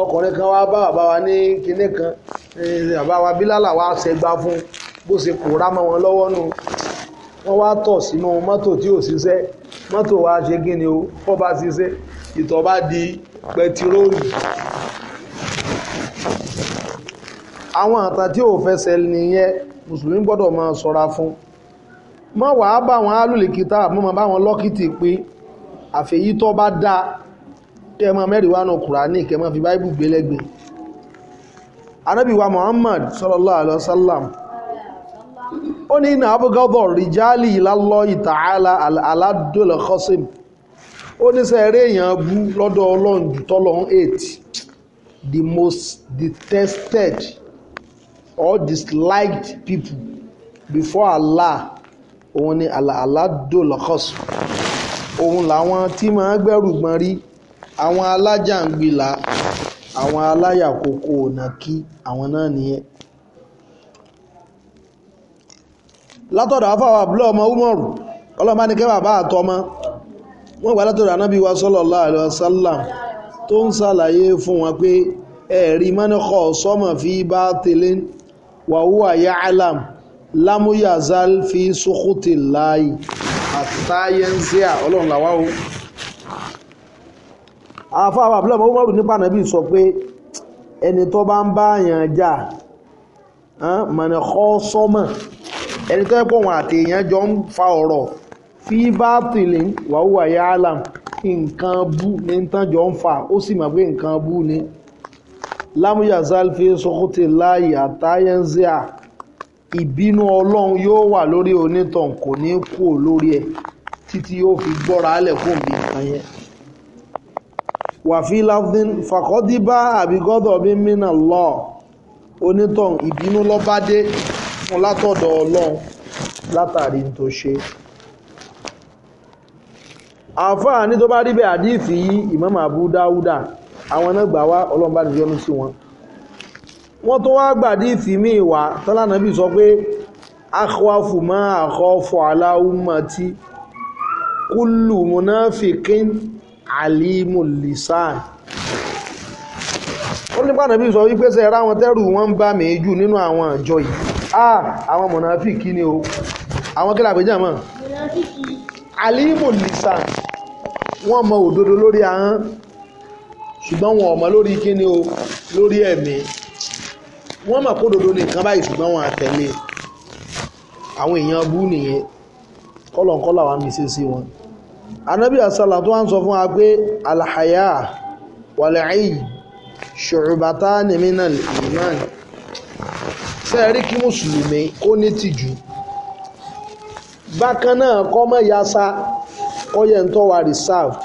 ọkùnrin kan wá bá bàbá wa ní kinní kan eh, bàbá wa bílálà wa ṣẹgbà fún un bó ṣe pòórá mọ́ wọn lọ́wọ́ nù wọ́n wá tọ̀ sínú mọ́tò tí ò ṣiṣẹ́ mọ́tò wa ṣe kí ni o kọ́ bá ṣiṣẹ́ ìtọ̀ bá di pẹtiróòlù àwọn àtà tí ò fẹsẹ̀ nìyẹn mùsùlùmí gbọ́dọ̀ máa ṣọ́ra fún mọ́ wàá bá wọn alùlìkítà mọ́ máa bá wọn lọ́kìtì pé àfẹ́yí bá dáa kẹ́ máa mẹ́rin nù kùránì kẹ́ máa fi báíbù gbélẹ́gbẹ̀ẹ́ anábìwá Muhammad sallallahu alaihi wasallam ó ní iná abúgọ́dọ̀ rìjálì ìlàlọ́ ìtààlà aládùlẹ̀ kọ́sìm ó ní sẹ́ẹ̀rẹ́ èèyàn bú lọ́dọ̀ ọlọ́run jù tọ́lọ́ 8 the most detested or disliked people before Allah òun ni aládùlẹ̀ kọ́sìm òun làwọn tí máa gbẹ́rù gbọ́n rí àwọn alájàngbìlà àwọn aláyàkókò ònàkí àwọn náà nìyẹn látọ̀dọ̀ afáwà abúlé ọmọ umaru ọlọ́mọ ní kẹ́ bàbá àtọmọ wọ́n gbà látọ̀dọ̀ anábì wa sallallahu alaihi wasallam tó ń ṣàlàyé fún wọn pé ẹ̀rí mọ́nìkọ́ sọ́mọ̀ fi bá tẹ̀lé wàhúwà yá alam lámúyàzal fi sókòtì láàyè àtàyẹnsíà ọlọ́run làwá o àfáwà abúlé ọmọ umaru nípa anábì sọ pé ẹni tó ẹni tó yẹ pé òun àti èèyàn jọ ń fa ọ̀rọ̀ fi bátìlì wàhùwà yá alam nǹkan bú ní tán jọ ń fa ó sì mọ̀ pé nǹkan bú ni lámúyà sálfì sọkútì láàyè àtàyẹ̀ǹsíà ìbínú ọlọ́run yóò wà lórí onítàn kò ní kú lórí ẹ̀ títí yóò fi gbọ́ra alẹ̀ fún mi nǹkan yẹn wàfí láfín fàkọ́díbá àbígọ́dọ̀ bí lọ onítàn ìbínú lọ́bádé fún látọ̀dọ̀ ọlọ́run látàrí tó ṣe àfáà ní tó bá rí bẹ́ẹ̀ àdífì yí Imam Abu Dáúdà àwọn náà gbà wá ọlọ́run bá ní yọ́nú sí wọn wọ́n tó wá gbà àdífì míì wá tọ́lánàbí sọ pé akhwafu ma akhafu ala ummati kullu munafiqin alimul lisan ó nípa nàbí sọ wípé sẹ́ẹ̀rá wọn tẹ́rù wọn ń bá mi jù nínú àwọn àjọ yìí ah àwọn mọ̀nàfíkì ni o àwọn kílà àpèjá mọ̀ alimu lisan wọ́n mọ òdodo lórí ahọ́n ṣùgbọ́n wọn ò mọ lórí kíni o lórí ẹ̀mí wọ́n mọ̀ kó dodo nìkan báyìí ṣùgbọ́n wọn àtẹ̀lé àwọn èèyàn bú nìyẹn kọ́lọ̀kọ́lọ̀ àwọn àmì sí wọn anábì àsàlà tó ń sọ fún wa pé alhaya wàlẹ́yìn ṣùrùbátá nìmínà ìmáàni ṣe kí mùsùlùmí kó ní tìjú bákan náà kọ́ mọ́ yasa kọ́ yẹ ń tọ́ wa reserved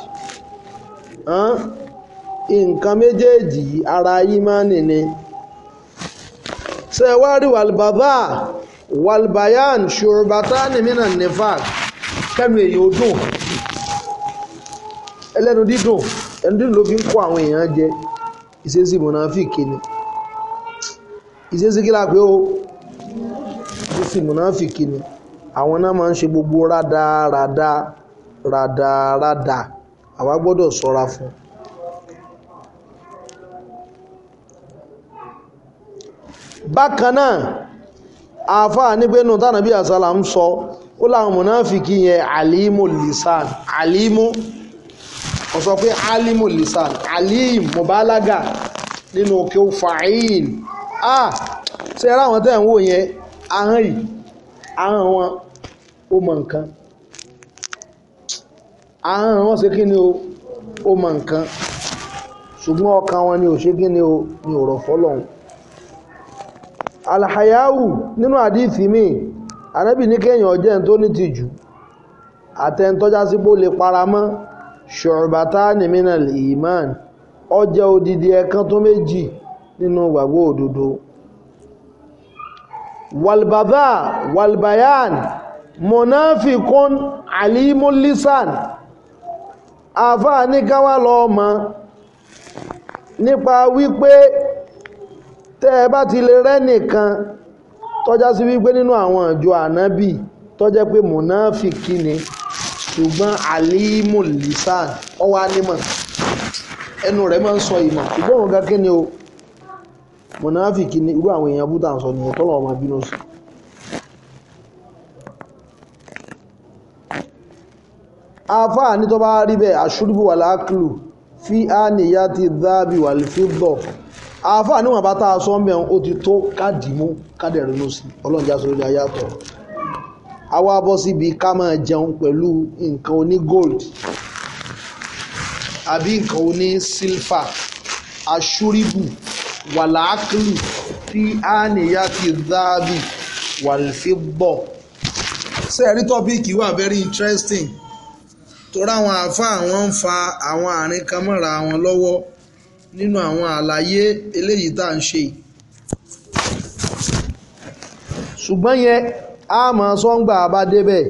nǹkan méjèèjì ara yimani ni ṣe wá rí wàlbàbà wàlbàyàn ṣòròbàtà nìmínà nefak kẹnu èyí ó dùn ẹlẹ́nu dídùn ẹnu dídùn ló fi ń kó àwọn èèyàn jẹ ìṣesí mọ̀nàfíìkì ni. ìṣesí kí la pé o ó sì múnáfìkì ni àwọn náà máa ń ṣe gbogbo rádaràda rádaràda àwa gbọ́dọ̀ ṣọ́ra fún un. bákan náà àáfàá nígbẹ́nu tánàbí àsálà ń sọ ó láwọn mọ̀náfìkì yẹn alimu lisan alimu ó sọ pé alimu lisan alim mubalaga nínú òkè fa'il ah ṣe ráwọn tẹ́ ń wò yẹn ahọ́n yìí ahọ́n wọn ó mọ nǹkan ahọ́n wọn ṣe kí ni o ó mọ nǹkan ṣùgbọ́n ọkàn wọn ni ò ṣe kí ni o ni ò rọ̀ fọ́lọ́hún alhayahu nínú àdíìsí míì anábì ní kéèyàn jẹ́ ń tó ní tìjú àtẹ̀ntọ́já sí pé ó lè para mọ́ ṣọ̀rọ̀bátá nìmínà ìmán ọjẹ́ odidi ẹ̀kan tó méjì nínú wàgbó òdodo walbada walbayan monafikun alimulisan àfá ní káwà lọ ọmọ nípa wípé tẹ́ ẹ bá ti lè rẹ́ nìkan tọ́já sí wípé nínú àwọn ìjọ ànábì tọ́jẹ́ pé mọ̀náfìkì ni ṣùgbọ́n alimulisan ọwọ́ anímọ̀ ẹnu rẹ̀ máa ń sọ ìmọ̀ ṣùgbọ́n òun o mọ̀náfìkì ni irú àwọn èèyàn búta sọ nìyẹn tọ́lọ̀ ọmọ bínú sí àfáà ní tó bá rí bẹ́ẹ̀ àṣúrúbù wà láàkìlù fi á nìyá ti dábì wà lè dọ̀ àfáà níwọ̀n bá tá a sọ mẹ́rin ó ti tó kádìmú kádẹ̀rínú sí ọlọ́njà sọ lórí ayátọ̀ àwa bọ́ síbi ká máa jẹun pẹ̀lú nǹkan oní gold àbí nǹkan oní silver àṣúrúbù wàláàkìlì fi àníyá ti dáàbì wàlfíbọ̀. sẹ́ẹ̀rí tọ́píìkì wà very interesting torí àwọn àáfàá wọn ń fa àwọn àárín kan mọ́ra wọn lọ́wọ́ nínú àwọn àlàyé eléyìí tá à ń ṣe ṣùgbọ́n yẹn a máa sọ́ngbà bá débẹ̀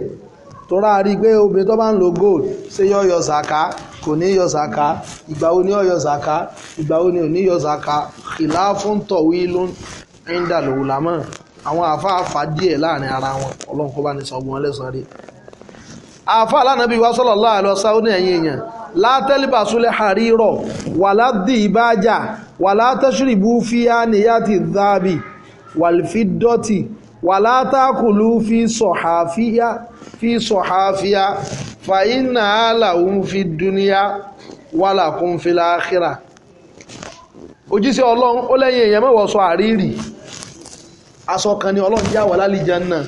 tora rí i pé obìnrin tó bá ń lo gold ṣé yọ yọ zaka kò ní yọ zaka ìgbà wo ni yọ yọ zaka ìgbà wo ni ò ní yọ zaka ìlà fún tọ̀wí ló ń dà lòwò lámọ́ àwọn àfáàfà díẹ̀ láàrin ara wọn ọlọ́run kó bá ní sọ̀gbọ́n ẹlẹ́sàn rí àfáà lánàbí wa sallallahu alaihi wasallam ní ẹ̀yìn èèyàn látẹ́líbà súnlẹ̀ wà ládì ìbájà wà látẹ́sùrìbú fíyá níyàtì dábì wàlfídọ́tì wàlá tákùlù fi sọ̀háfíà fi sọ̀háfíà fàyínà àlàhùn fi dúníyà wàlàkùn fi láàkírà òjíṣẹ́ ọlọ́run ó lẹ́yìn èèyàn mẹ́wọ̀ sọ àríìrì aṣọ kan ni ọlọ́run já wà lálìjẹ́ náà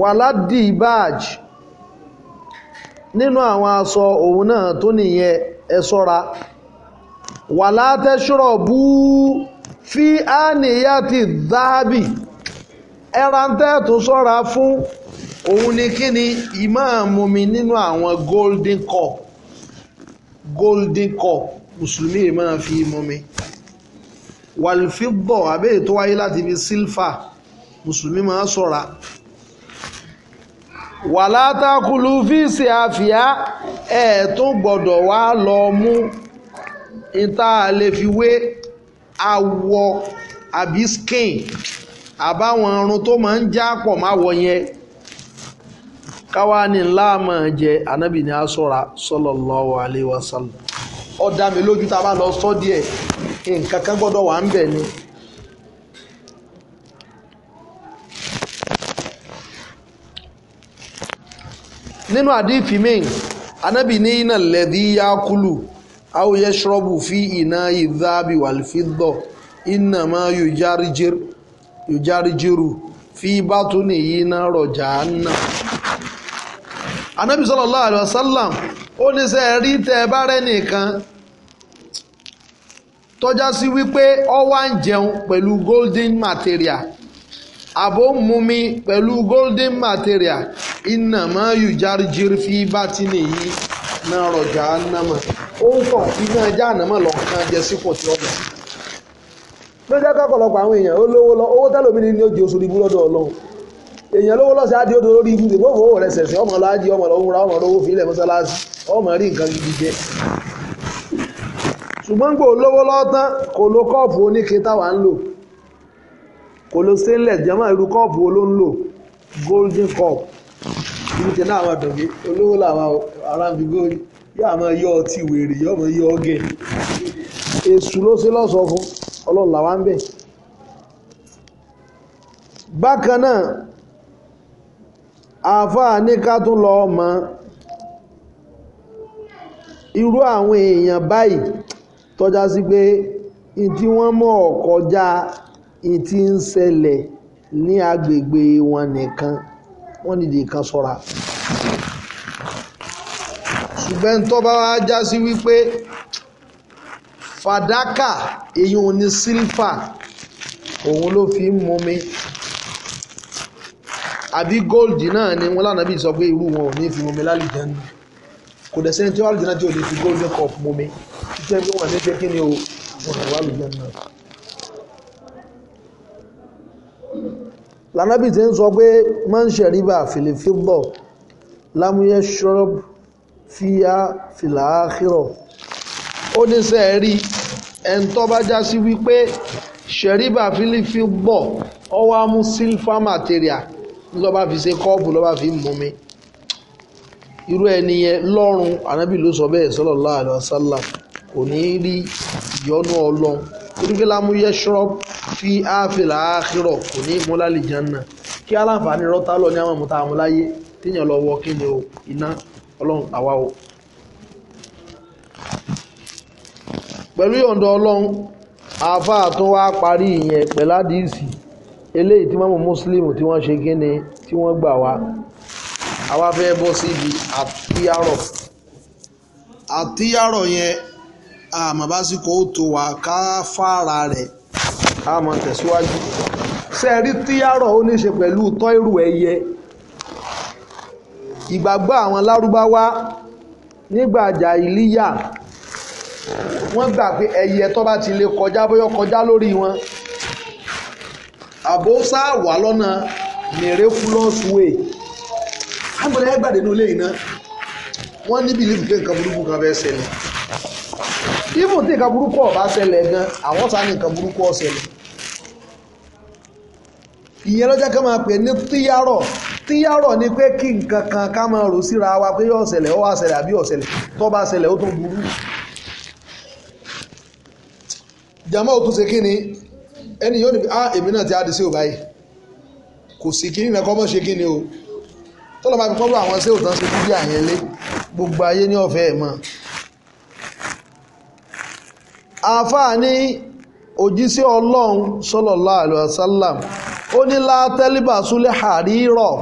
wàládì baj nínú àwọn aṣọ òun náà tó nìyẹn ẹ wàlátẹ́ṣọ́rọ̀ bú fi ánìyá ti dáábì ẹran tẹ́ẹ̀tún sọ́ra fún òun ni kí ni ìmáàmù mi nínú àwọn golden cup golden cup mùsùlùmí yìí máa fi mú mi wàlfíbọ̀ àbẹ́yẹ tó wáyé láti fi sílfà mùsùlùmí máa sọ̀ra wàlátàkùlù fíìsì àfíà ẹ̀ tó gbọ́dọ̀ wá lọ mú ìta lè awọ àbí skin àbáwọn irun tó máa ń já pọ̀ má wọ yẹn káwá ní ńlá máa jẹ anábì ní asọ́ra sallallahu alaihi wasallam ó dá mi lójú tá a bá lọ sọ́ díẹ̀ nǹkan kan gbọ́dọ̀ wà ń bẹ̀ ni. nínú àdífì míì anábì ní iná lẹ́dí yá kúlù áwòyẹ́ ṣọ́ọ̀bù fi iná ìdábì wàlfíìdọ̀ iná máa yóò járíjẹ́rì yòjáríjìrù fi bá tún nìyí náà rọ̀jà náà anábì sallallahu alaihi wasallam ó ní sẹ́ rí tẹ́ ẹ bá rẹ́ nìkan tọ́já sí wípé ọ wá ń jẹun pẹ̀lú golden material àbò ń mumi pẹ̀lú golden material iná máa yòjáríjìrù fi bá tún nìyí náà rọ̀jà ó ń kàn iná ẹja ànámọ̀ lọ́kàn jẹ sípò tí ó bẹ̀rẹ̀. ló jẹ́ kọ́kọ̀lọpọ̀ àwọn èèyàn ó lówó lọ owó tẹ́lómi ni ji di oṣù ibú lọ́dọ̀ ọlọ́run èèyàn lówó lọ́sẹ̀ á di odò lórí ibú ìwé òfò rẹ̀ sẹ̀sẹ̀ ọmọ lọ ájí ọmọ lọ́wọ́ ra ọmọ lówó fi ilẹ̀ mọ́sálásí ọmọ rí nǹkan gidi jẹ ṣùgbọ́n gbò lówó lọ́tán kò lo kọ́ọ̀pù oníke táwa ń lò kò lo stainless jẹ́mọ́ irú golden cup ọlọ́run làwa ń bẹ̀ bákan náà àáfàá ní ká tún lọ ọmọ irú àwọn èèyàn báyìí tọ́já sí pé ìtí wọ́n mọ̀ kọjá ìtí ń ṣẹlẹ̀ ní agbègbè wọn nìkan wọ́n nìdí kan sọ́ra ṣùgbọ́n tó bá wá já sí wípé fàdákà èyàn ò ní sílfà òun ló fi ń mumi àbí góòlì náà ni wọn lánàá bí sọ pé irú wọn ò ní fi mumi lálùjẹ nù kò dẹ̀ sẹ́ni tí wọ́n náà tí ò ní fi góòlì cup mumi títí ẹni pé wọ́n ní pé kí ni o wọ́n ní lálùjẹ náà. lánàá bí ti ń sọ pé máa ń ṣẹ̀ríbà lámúyẹ́ ṣọ́rọ́bù fíyà fìlà áhírọ̀ ó ní sẹ́ rí ẹni tó bá já sí wípé ṣẹ̀ríbà fílífì bọ̀ ọ wá mú sílfà material lọ́ba fi ṣe kọ́ọ̀bù lọ́ba fi mú mi irú ẹni yẹn lọ́rùn anábì ló sọ bẹ́ẹ̀ sallallahu alaihi wasallam kò ní rí ìyọ́nú ọlọ́run torípé lámúyẹ́ ṣọ́ọ̀bù fi áfìlà áàkìrọ̀ kò ní mú lálìjánná kí aláǹfààní rọ́tà lọ ní àwọn ọmọ tá a mú láyé téèyàn lọ wọ kí ni o iná ọlọ́run àwa o. pẹ̀lú yọ̀ǹda ọlọ́run àáfàá tó wá parí ìyẹn pẹ̀lú àdìsí eléyìí tí mọ́mú muslim tí wọ́n ṣe gíní tí wọ́n gbà wá àwa fẹ́ bọ́ síbi àtìyárọ̀ àtìyárọ̀ yẹn àmọ̀básíkò ó tó wà ká fara rẹ̀ ká mọ̀ tẹ̀síwájú sẹ́ẹ̀rí tíyárọ̀ ó ní ṣe pẹ̀lú tọ́ìrù ẹyẹ ìgbàgbọ́ àwọn lárúbáwá nígbà jàhílíyà wọ́n gbà pé ẹyẹ tó bá ti lè kọjá bóyá kọjá lórí wọn àbó wà lọ́nà miraculous way àgbẹ̀rẹ̀ ẹgbàdé ní olè iná wọ́n pé nǹkan burúkú kan fẹ́ ṣẹlẹ̀ tí nǹkan burúkú ọ̀bá ṣẹlẹ̀ gan àwọn ní nǹkan burúkú ọ̀ṣẹlẹ̀ ìyẹn lọ́jọ́ máa ni pé kí nǹkan kan ká máa rò síra wa pé yóò ṣẹlẹ̀ ó wá ṣẹlẹ̀ àbí tó bá jama òtún ṣe kíni ẹni yóò ní ah èmi náà ti á di sí òbáyé kò sí kíni náà kọ́ mọ́ ṣe kíni o tọ́lọ́ bá fi kọ́ bá àwọn sí òtún ṣe kíni àyẹn gbogbo ayé ní ọ̀fẹ́ ẹ̀ mọ́ àáfàá ní òjíṣẹ́ ọlọ́run sallallahu alaihi wasallam ó ní látẹ́líbà súnlẹ̀ àrírọ̀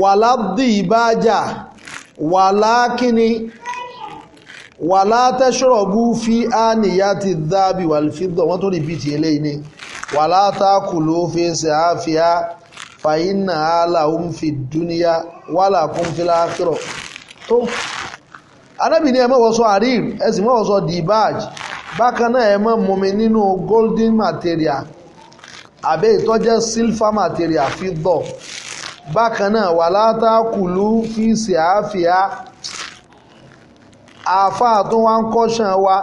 wàlá dìbàjà wàlá kíni wà látẹ́ṣọ́rọ̀bù fi àníyá ti dábì wà fídọ̀ wọ́n tó rìbí ti eléyìí ni wà látàkùlù fèsì àáfíà fàyínà aláhùn fi dúníyà wà làkún fi láàkírọ̀ tó anábì ní ẹ má wọ aṣọ àrír ẹ sì má wọ aṣọ dìbàj bákan náà ẹ má mumi nínú golden material àbẹ́ ìtọ́jẹ́ silver material fídọ̀ bákan náà wà látàkùlù fèsì àáfíà àáfàá tó wá ń kọ́ṣàn wa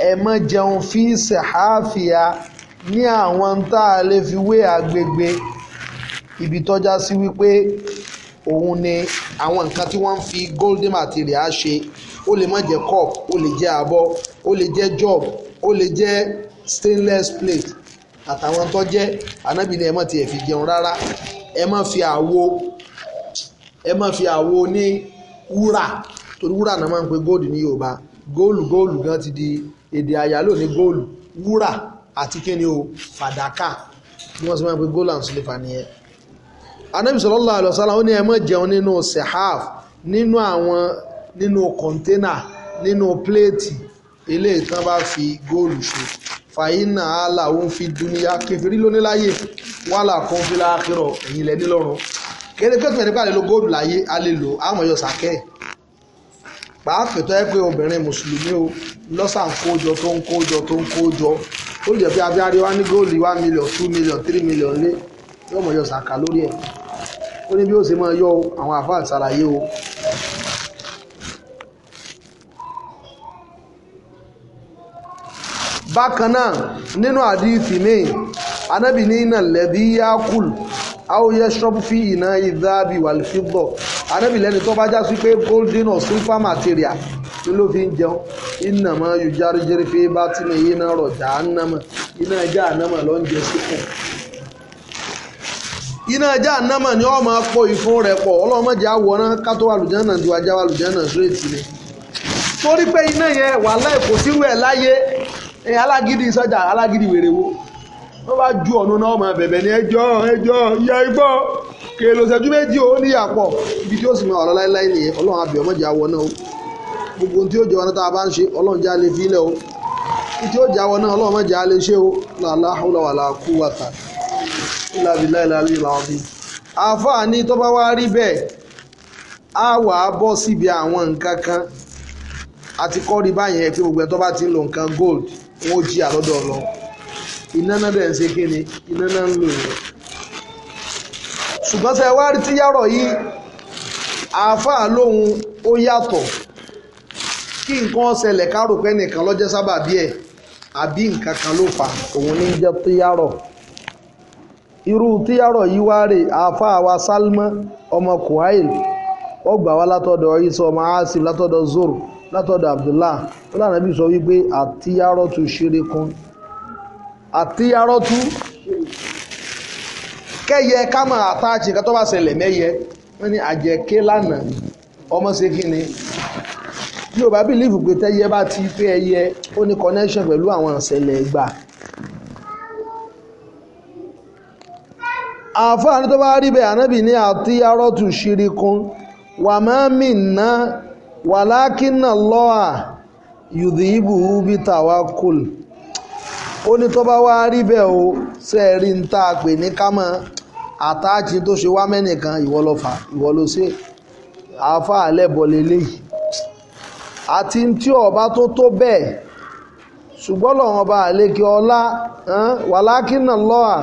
ẹ má jẹun fi sàáfìá ní àwọn tá a lè fi wé agbègbè ibi tọ́já sí wípé òun ni àwọn nǹkan tí wọ́n ń fi golden material ṣe ó lè má jẹ́ cup ó lè jẹ́ abọ́ ó lè jẹ́ job ó lè jẹ́ stainless plate àtàwọn tó jẹ́ ànábì ni ẹ má tiẹ̀ fi jẹun rárá ẹ má fi àwo ẹ má fi àwo ní wúrà torí wúrà náà máa ń pe góòlù ní yorùbá góòlù góòlù gan ti di èdè àyálò ní góòlù wúrà àti kíni o fàdákà bí wọ́n sì máa ń pe góòlù àwọn sílẹ̀fà nìyẹn. anábì sallallahu ó ní ẹ má jẹun nínú sehaf nínú àwọn nínú kọ̀ńténà nínú pléètì eléyìí tán bá fi góòlù ṣe fàyínà aláwo fi dúníyà kẹfìrí lóní láyè wàhálà kan fi láàkírọ ẹ̀yìn lẹ́ni lọ́rùn kéré kẹfìrí nípa àlelo góòlù láyé àlelo àmọ́ yọ sàkẹ́ẹ̀ pàápàá tó yẹ pé obìnrin mùsùlùmí o lọ́sàn kójọ tó ń kójọ tó ń kójọ ó lè jẹ́ pé abíárí wa ní góòlì one million two million three million lé yóò mọ̀ yọ sàkà lórí ẹ̀ ó ní bí ó ṣe máa yọ àwọn àfáà ṣàlàyé o. bákan náà nínú àdìsí míì anábì ní iná lẹ́bí yákùl àwòyẹ ṣọ́bù fi iná ìdábì wàlúfíbọ̀ anábì lẹ́ni tó bá já sí pé golden or silver material ni ló fi ń jẹun iná mọ́ fi bá tí mi iná rọ̀ já námọ̀ iná já námọ̀ ló ń jẹ síkùn iná ni ọmọ pọ̀ ìfún rẹ̀ pọ̀ ọlọ́mọdé àwòrán kátó àlùjànnà ju ajá sírètì ni torí pé iná yẹn wàláhì kò sírú ẹ̀ láyé ẹ̀yìn alágídí sọjà alágídí wèrèwó wọ́n bá ju náà ọmọ kèrè o niyapọ ibi tí ó sì máa ọ̀rọ̀ láéláé nìyẹn ọlọ́run àbí o gbogbo tí ó jẹ́ ọ̀nà tá a bá ń ṣe o tí ó jáwọ́ náà ọlọ́run má já ṣe o làlá ọlọ́wàlà kú wàtà ìlàbí láìláàlú ìlànà bíi. àfààní tó bá wá rí bẹ́ẹ̀ á wà á bọ́ kan àti kọ́rí báyẹn gbogbo ṣùgbọ́n tẹ́ wá rí tíyàrọ̀ yìí àáfàá lòun ó yàtọ̀ kí nǹkan ṣẹlẹ̀ kárò pé nìkan lọ́jọ́ sábà bí ẹ̀ àbí nǹkan kan ló fà òun ní jẹ́ tíyàrọ̀ irú tíyàrọ̀ yìí wá rè àáfàá wa Salma ọmọ Kuhail ó gbà wá látọ̀dọ̀ Isa ọmọ Asim látọ̀dọ̀ Zoro látọ̀dọ̀ Abdullah ó lànà bí sọ wípé àtíyàrọ̀ tu ṣeré kan àtíyàrọ̀ tu kẹ́yẹ ká máa àtàchì ká tó bá ṣẹlẹ̀ mẹ́yẹ wọ́n ní àjẹké lánàá ọmọ ṣe kí ni yóò bá bìlífù pé tẹ́yẹ bá ti pé ẹyẹ ó ní connection pẹ̀lú àwọn ìṣẹ̀lẹ̀ ìgbà àǹfààní tó bá rí bẹ́ẹ̀ ànábì ní àti arọ́tù ṣirikun wà máa mì ná wàlákínà lọ́à yùdìíbù bí tàwa kùl ó ní tó bá wá rí bẹ́ẹ̀ o sẹ́ẹ̀rí ń tá pè ní ká máa àtàjì tó ṣe wá mẹ́nìkan ìwọ ló fà ìwọ ló ṣe àáfà àlẹ́bọ̀ lélẹ́yìí àti tí ọba tó tó bẹ́ẹ̀ ṣùgbọ́n lọ́wọ́n bá àlékè ọlá wàlákìnnà lọ́à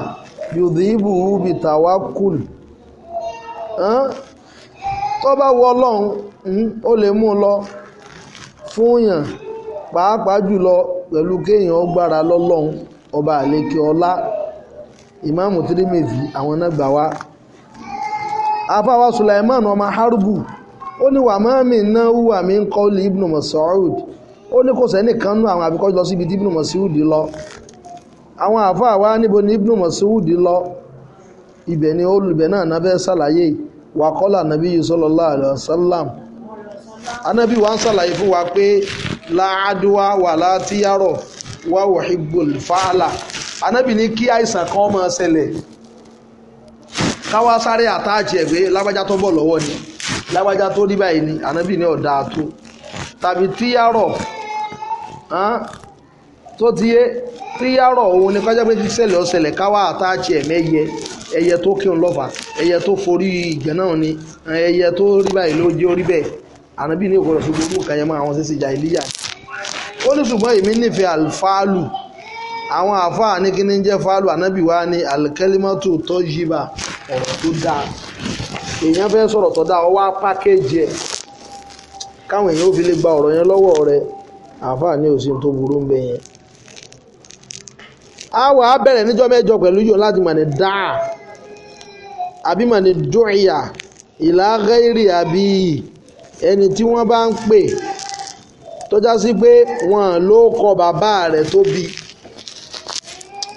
yòdìbù ubi tàwákùl tó bá wọ ọlọ́run ó lè mú lọ fún yàn pàápàá jùlọ pẹ̀lú kéèyàn gbára lọ́lọ́run ọba àlékè ọlá ìmáàmù Tirmidhi àwọn náà gbà wá afáwa Sulaiman ọmọ Harbu ó ní wàá mọ́mí náà wúwà mí ń kọ́ lè Ibn Mas'ud ó ní kò sẹ́nìkan nú àwọn àbíkọ́ lọ síbi tí Ibn Mas'ud lọ àwọn àfáàwá níbo ni Ibn Mas'ud lọ ibẹ̀ ni olùbẹ̀ náà náà fẹ́ sàlàyé wàkọ́là nàbí sallallahu alaihi wasallam anábì wa ń sàlàyé wa pé láàdúwà wà látìyàrọ̀ wà wàhíbùl fáàlà anábì ní kí àìsàn kan máa ṣẹlẹ̀ káwá sáré àtàjẹ pé lágbájá tó ń bọ̀ lọ́wọ́ ni lágbájá tó rí báyìí ni anábì ní ọ̀dà tó tàbí tíyàrọ̀ tó ti yé tíyàrọ̀ òun ni kájá pé ti ṣẹlẹ̀ ọ̀ṣẹlẹ̀ káwá àtàjẹ mẹ́yẹ ẹyẹ tó kírun lọ́fà ẹyẹ tó forí ìgbẹ́ náà ni ẹyẹ tó rí báyìí ló jẹ́ orí bẹ́ẹ̀ ànábì ní òkúrọ̀ fún gbogbo nǹkan àwọn ṣẹ̀ṣẹ̀ jà ìlíyà ó ní ṣùgbọ́n èmi nífẹ̀ẹ́ àlùfáàlù àwọn àáfàá ní kíní jẹ́ fáálù ànábì wa ní alikẹ́límọ́tò tó yíba ọ̀rọ̀ tó dáa èèyàn fẹ́ sọ̀rọ̀ tó dáa ọwọ́ pákéjì ẹ̀ káwọn èèyàn ò fi lè gba ọ̀rọ̀ yẹn lọ́wọ́ rẹ̀ àáfàá ní òsì tó burú ń bẹ yẹn. a á bẹ̀rẹ̀ níjọ́ mẹ́jọ pẹ̀lú yòó láti mà ní dáa àbí mà ní dùnìyà ìlà àbí ẹni tí wọ́n bá ń pè tọ́já sí pé wọ́n ló bàbá rẹ̀ tó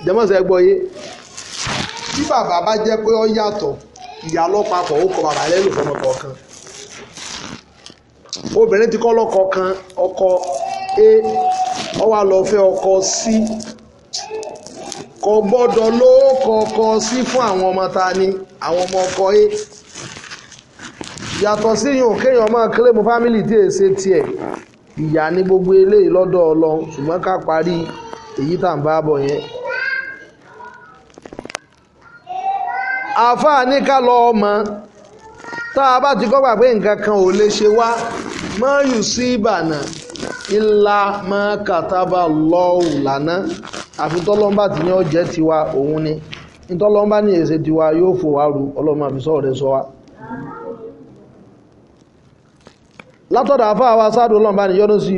jẹ́mọ̀sẹ̀ gbọ́ yé tí bàbá bá jẹ́ pé ó yàtọ̀ ìyá lọ́pàpọ̀ ó kọ bàbá lẹ́nu fọmọ kọ̀ọ̀kan obìnrin ti kọ́ lọ́kọ kan ọkọ a ó wá lọ fẹ́ ọkọ c kò gbọ́dọ̀ ló kọ̀ọ̀kọ sí fún àwọn ọmọ ta ni àwọn ọmọ ọkọ a yàtọ̀ sí yìí ò kéèyàn máa kílé mu fámìlì tí èsè tiẹ̀ ìyá ní gbogbo eléyìí lọ́dọ̀ ọlọ́run ṣùgbọ́n ká parí èyí tá à ń bá bọ̀ yẹn àáfàá ní ká lọ ọmọ tá a bá ti kọ́ pé nǹkan kan ò lè ṣe wá mọ́ sí ìbànà kàtàbà lọ́wù àfi tọ́lọ́mbà ní tiwa òun ni ntọ́lọ́mbà ní èsè tiwa yóò fò wá ru ọlọ́mọ sọ wa. látọ̀dọ̀ àfáà wa sáàdù ọlọ́mbà yọ́nú sí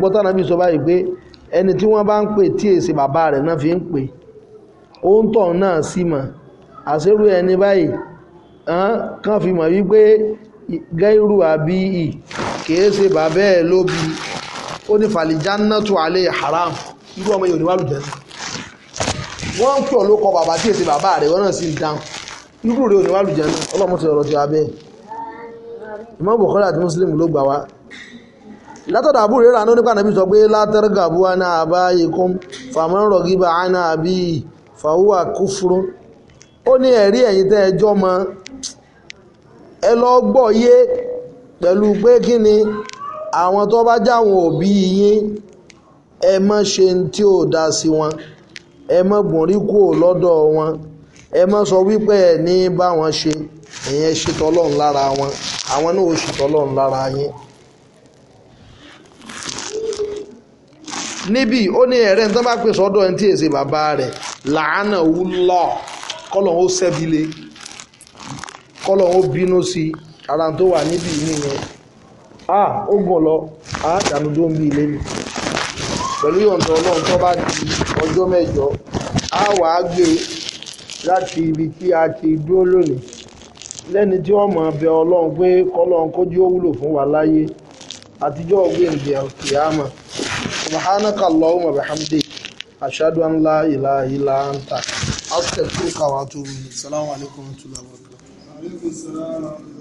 gbọ́ tánà bí sọ báyìí pé ẹni tí wọ́n bá ń pè tí bàbá rẹ̀ náà fi ń pè ó ń tọ̀ náà àṣírú ẹni báyìí kàn fi mọ̀ wípé gẹ́rù àbí ì kìí ṣe bàbá ẹ̀ ló bí ó ní fàlìjánátù alẹ́ haram irú ọmọ yìí ò ní wàlú jẹ́ wọ́n ń pè ọ́ ló kọ bàbá tí èsì bàbá rẹ̀ wọ́n náà sì ń dáhùn irú rẹ̀ ò jẹ́ ọlọ́mọ ti ọ̀rọ̀ ti wà bẹ́ẹ̀ Imam àti Muslim ló gbà wá látọ̀dọ̀ àbúrò rẹ̀ ránú nípa nàbí sọ pé látẹ́rẹ́gàbúwa náà àbáyé kún fàmọ́rọ̀ gíba àná àbí fàwúwà kúfúrú ó ní ẹ̀rí ẹ̀yin tẹ́ ẹjọ́ mọ ẹ lọ gbọ́ yé pẹ̀lú pé kí ni àwọn tó bá jáwọn òbí yín ẹ mọ́ ṣe tí ò dá sí wọn ẹ mọ́ gbòǹrí kúrò lọ́dọ̀ wọn ẹ mọ́ sọ wípé ẹ ní bá wọn ṣe ìyẹn ṣètọ́lọ́run lára wọn àwọn náà ò ṣètọ́lọ́run lára yín. níbi ó ní ẹ̀rẹ́ ní tó bá pèsè ọ̀dọ̀ ẹni tí èsì bàbá rẹ̀ làánà wúlọ́ọ̀. kọ́lọ̀ ó sẹ́bile kọ́lọ̀ ó bínú sí ara tó wà níbi a ó gùn a dànù tó ń bí ilé mi pẹ̀lú ìyọ̀ǹda ọlọ́run tó bá di ọjọ́ mẹ́jọ a wà á gbé láti ibi tí a ti dúró lónìí lẹ́ni tí wọ́n mọ̀ bẹ ọlọ́run pé kójú ó wúlò fún wa láyé àtijọ́ ọ̀kìyàmọ̀ subhanaka allahumma ilaha astaghfiruka wa atubu ilayk assalamu alaikum wa rahmatullahi wa barakatuh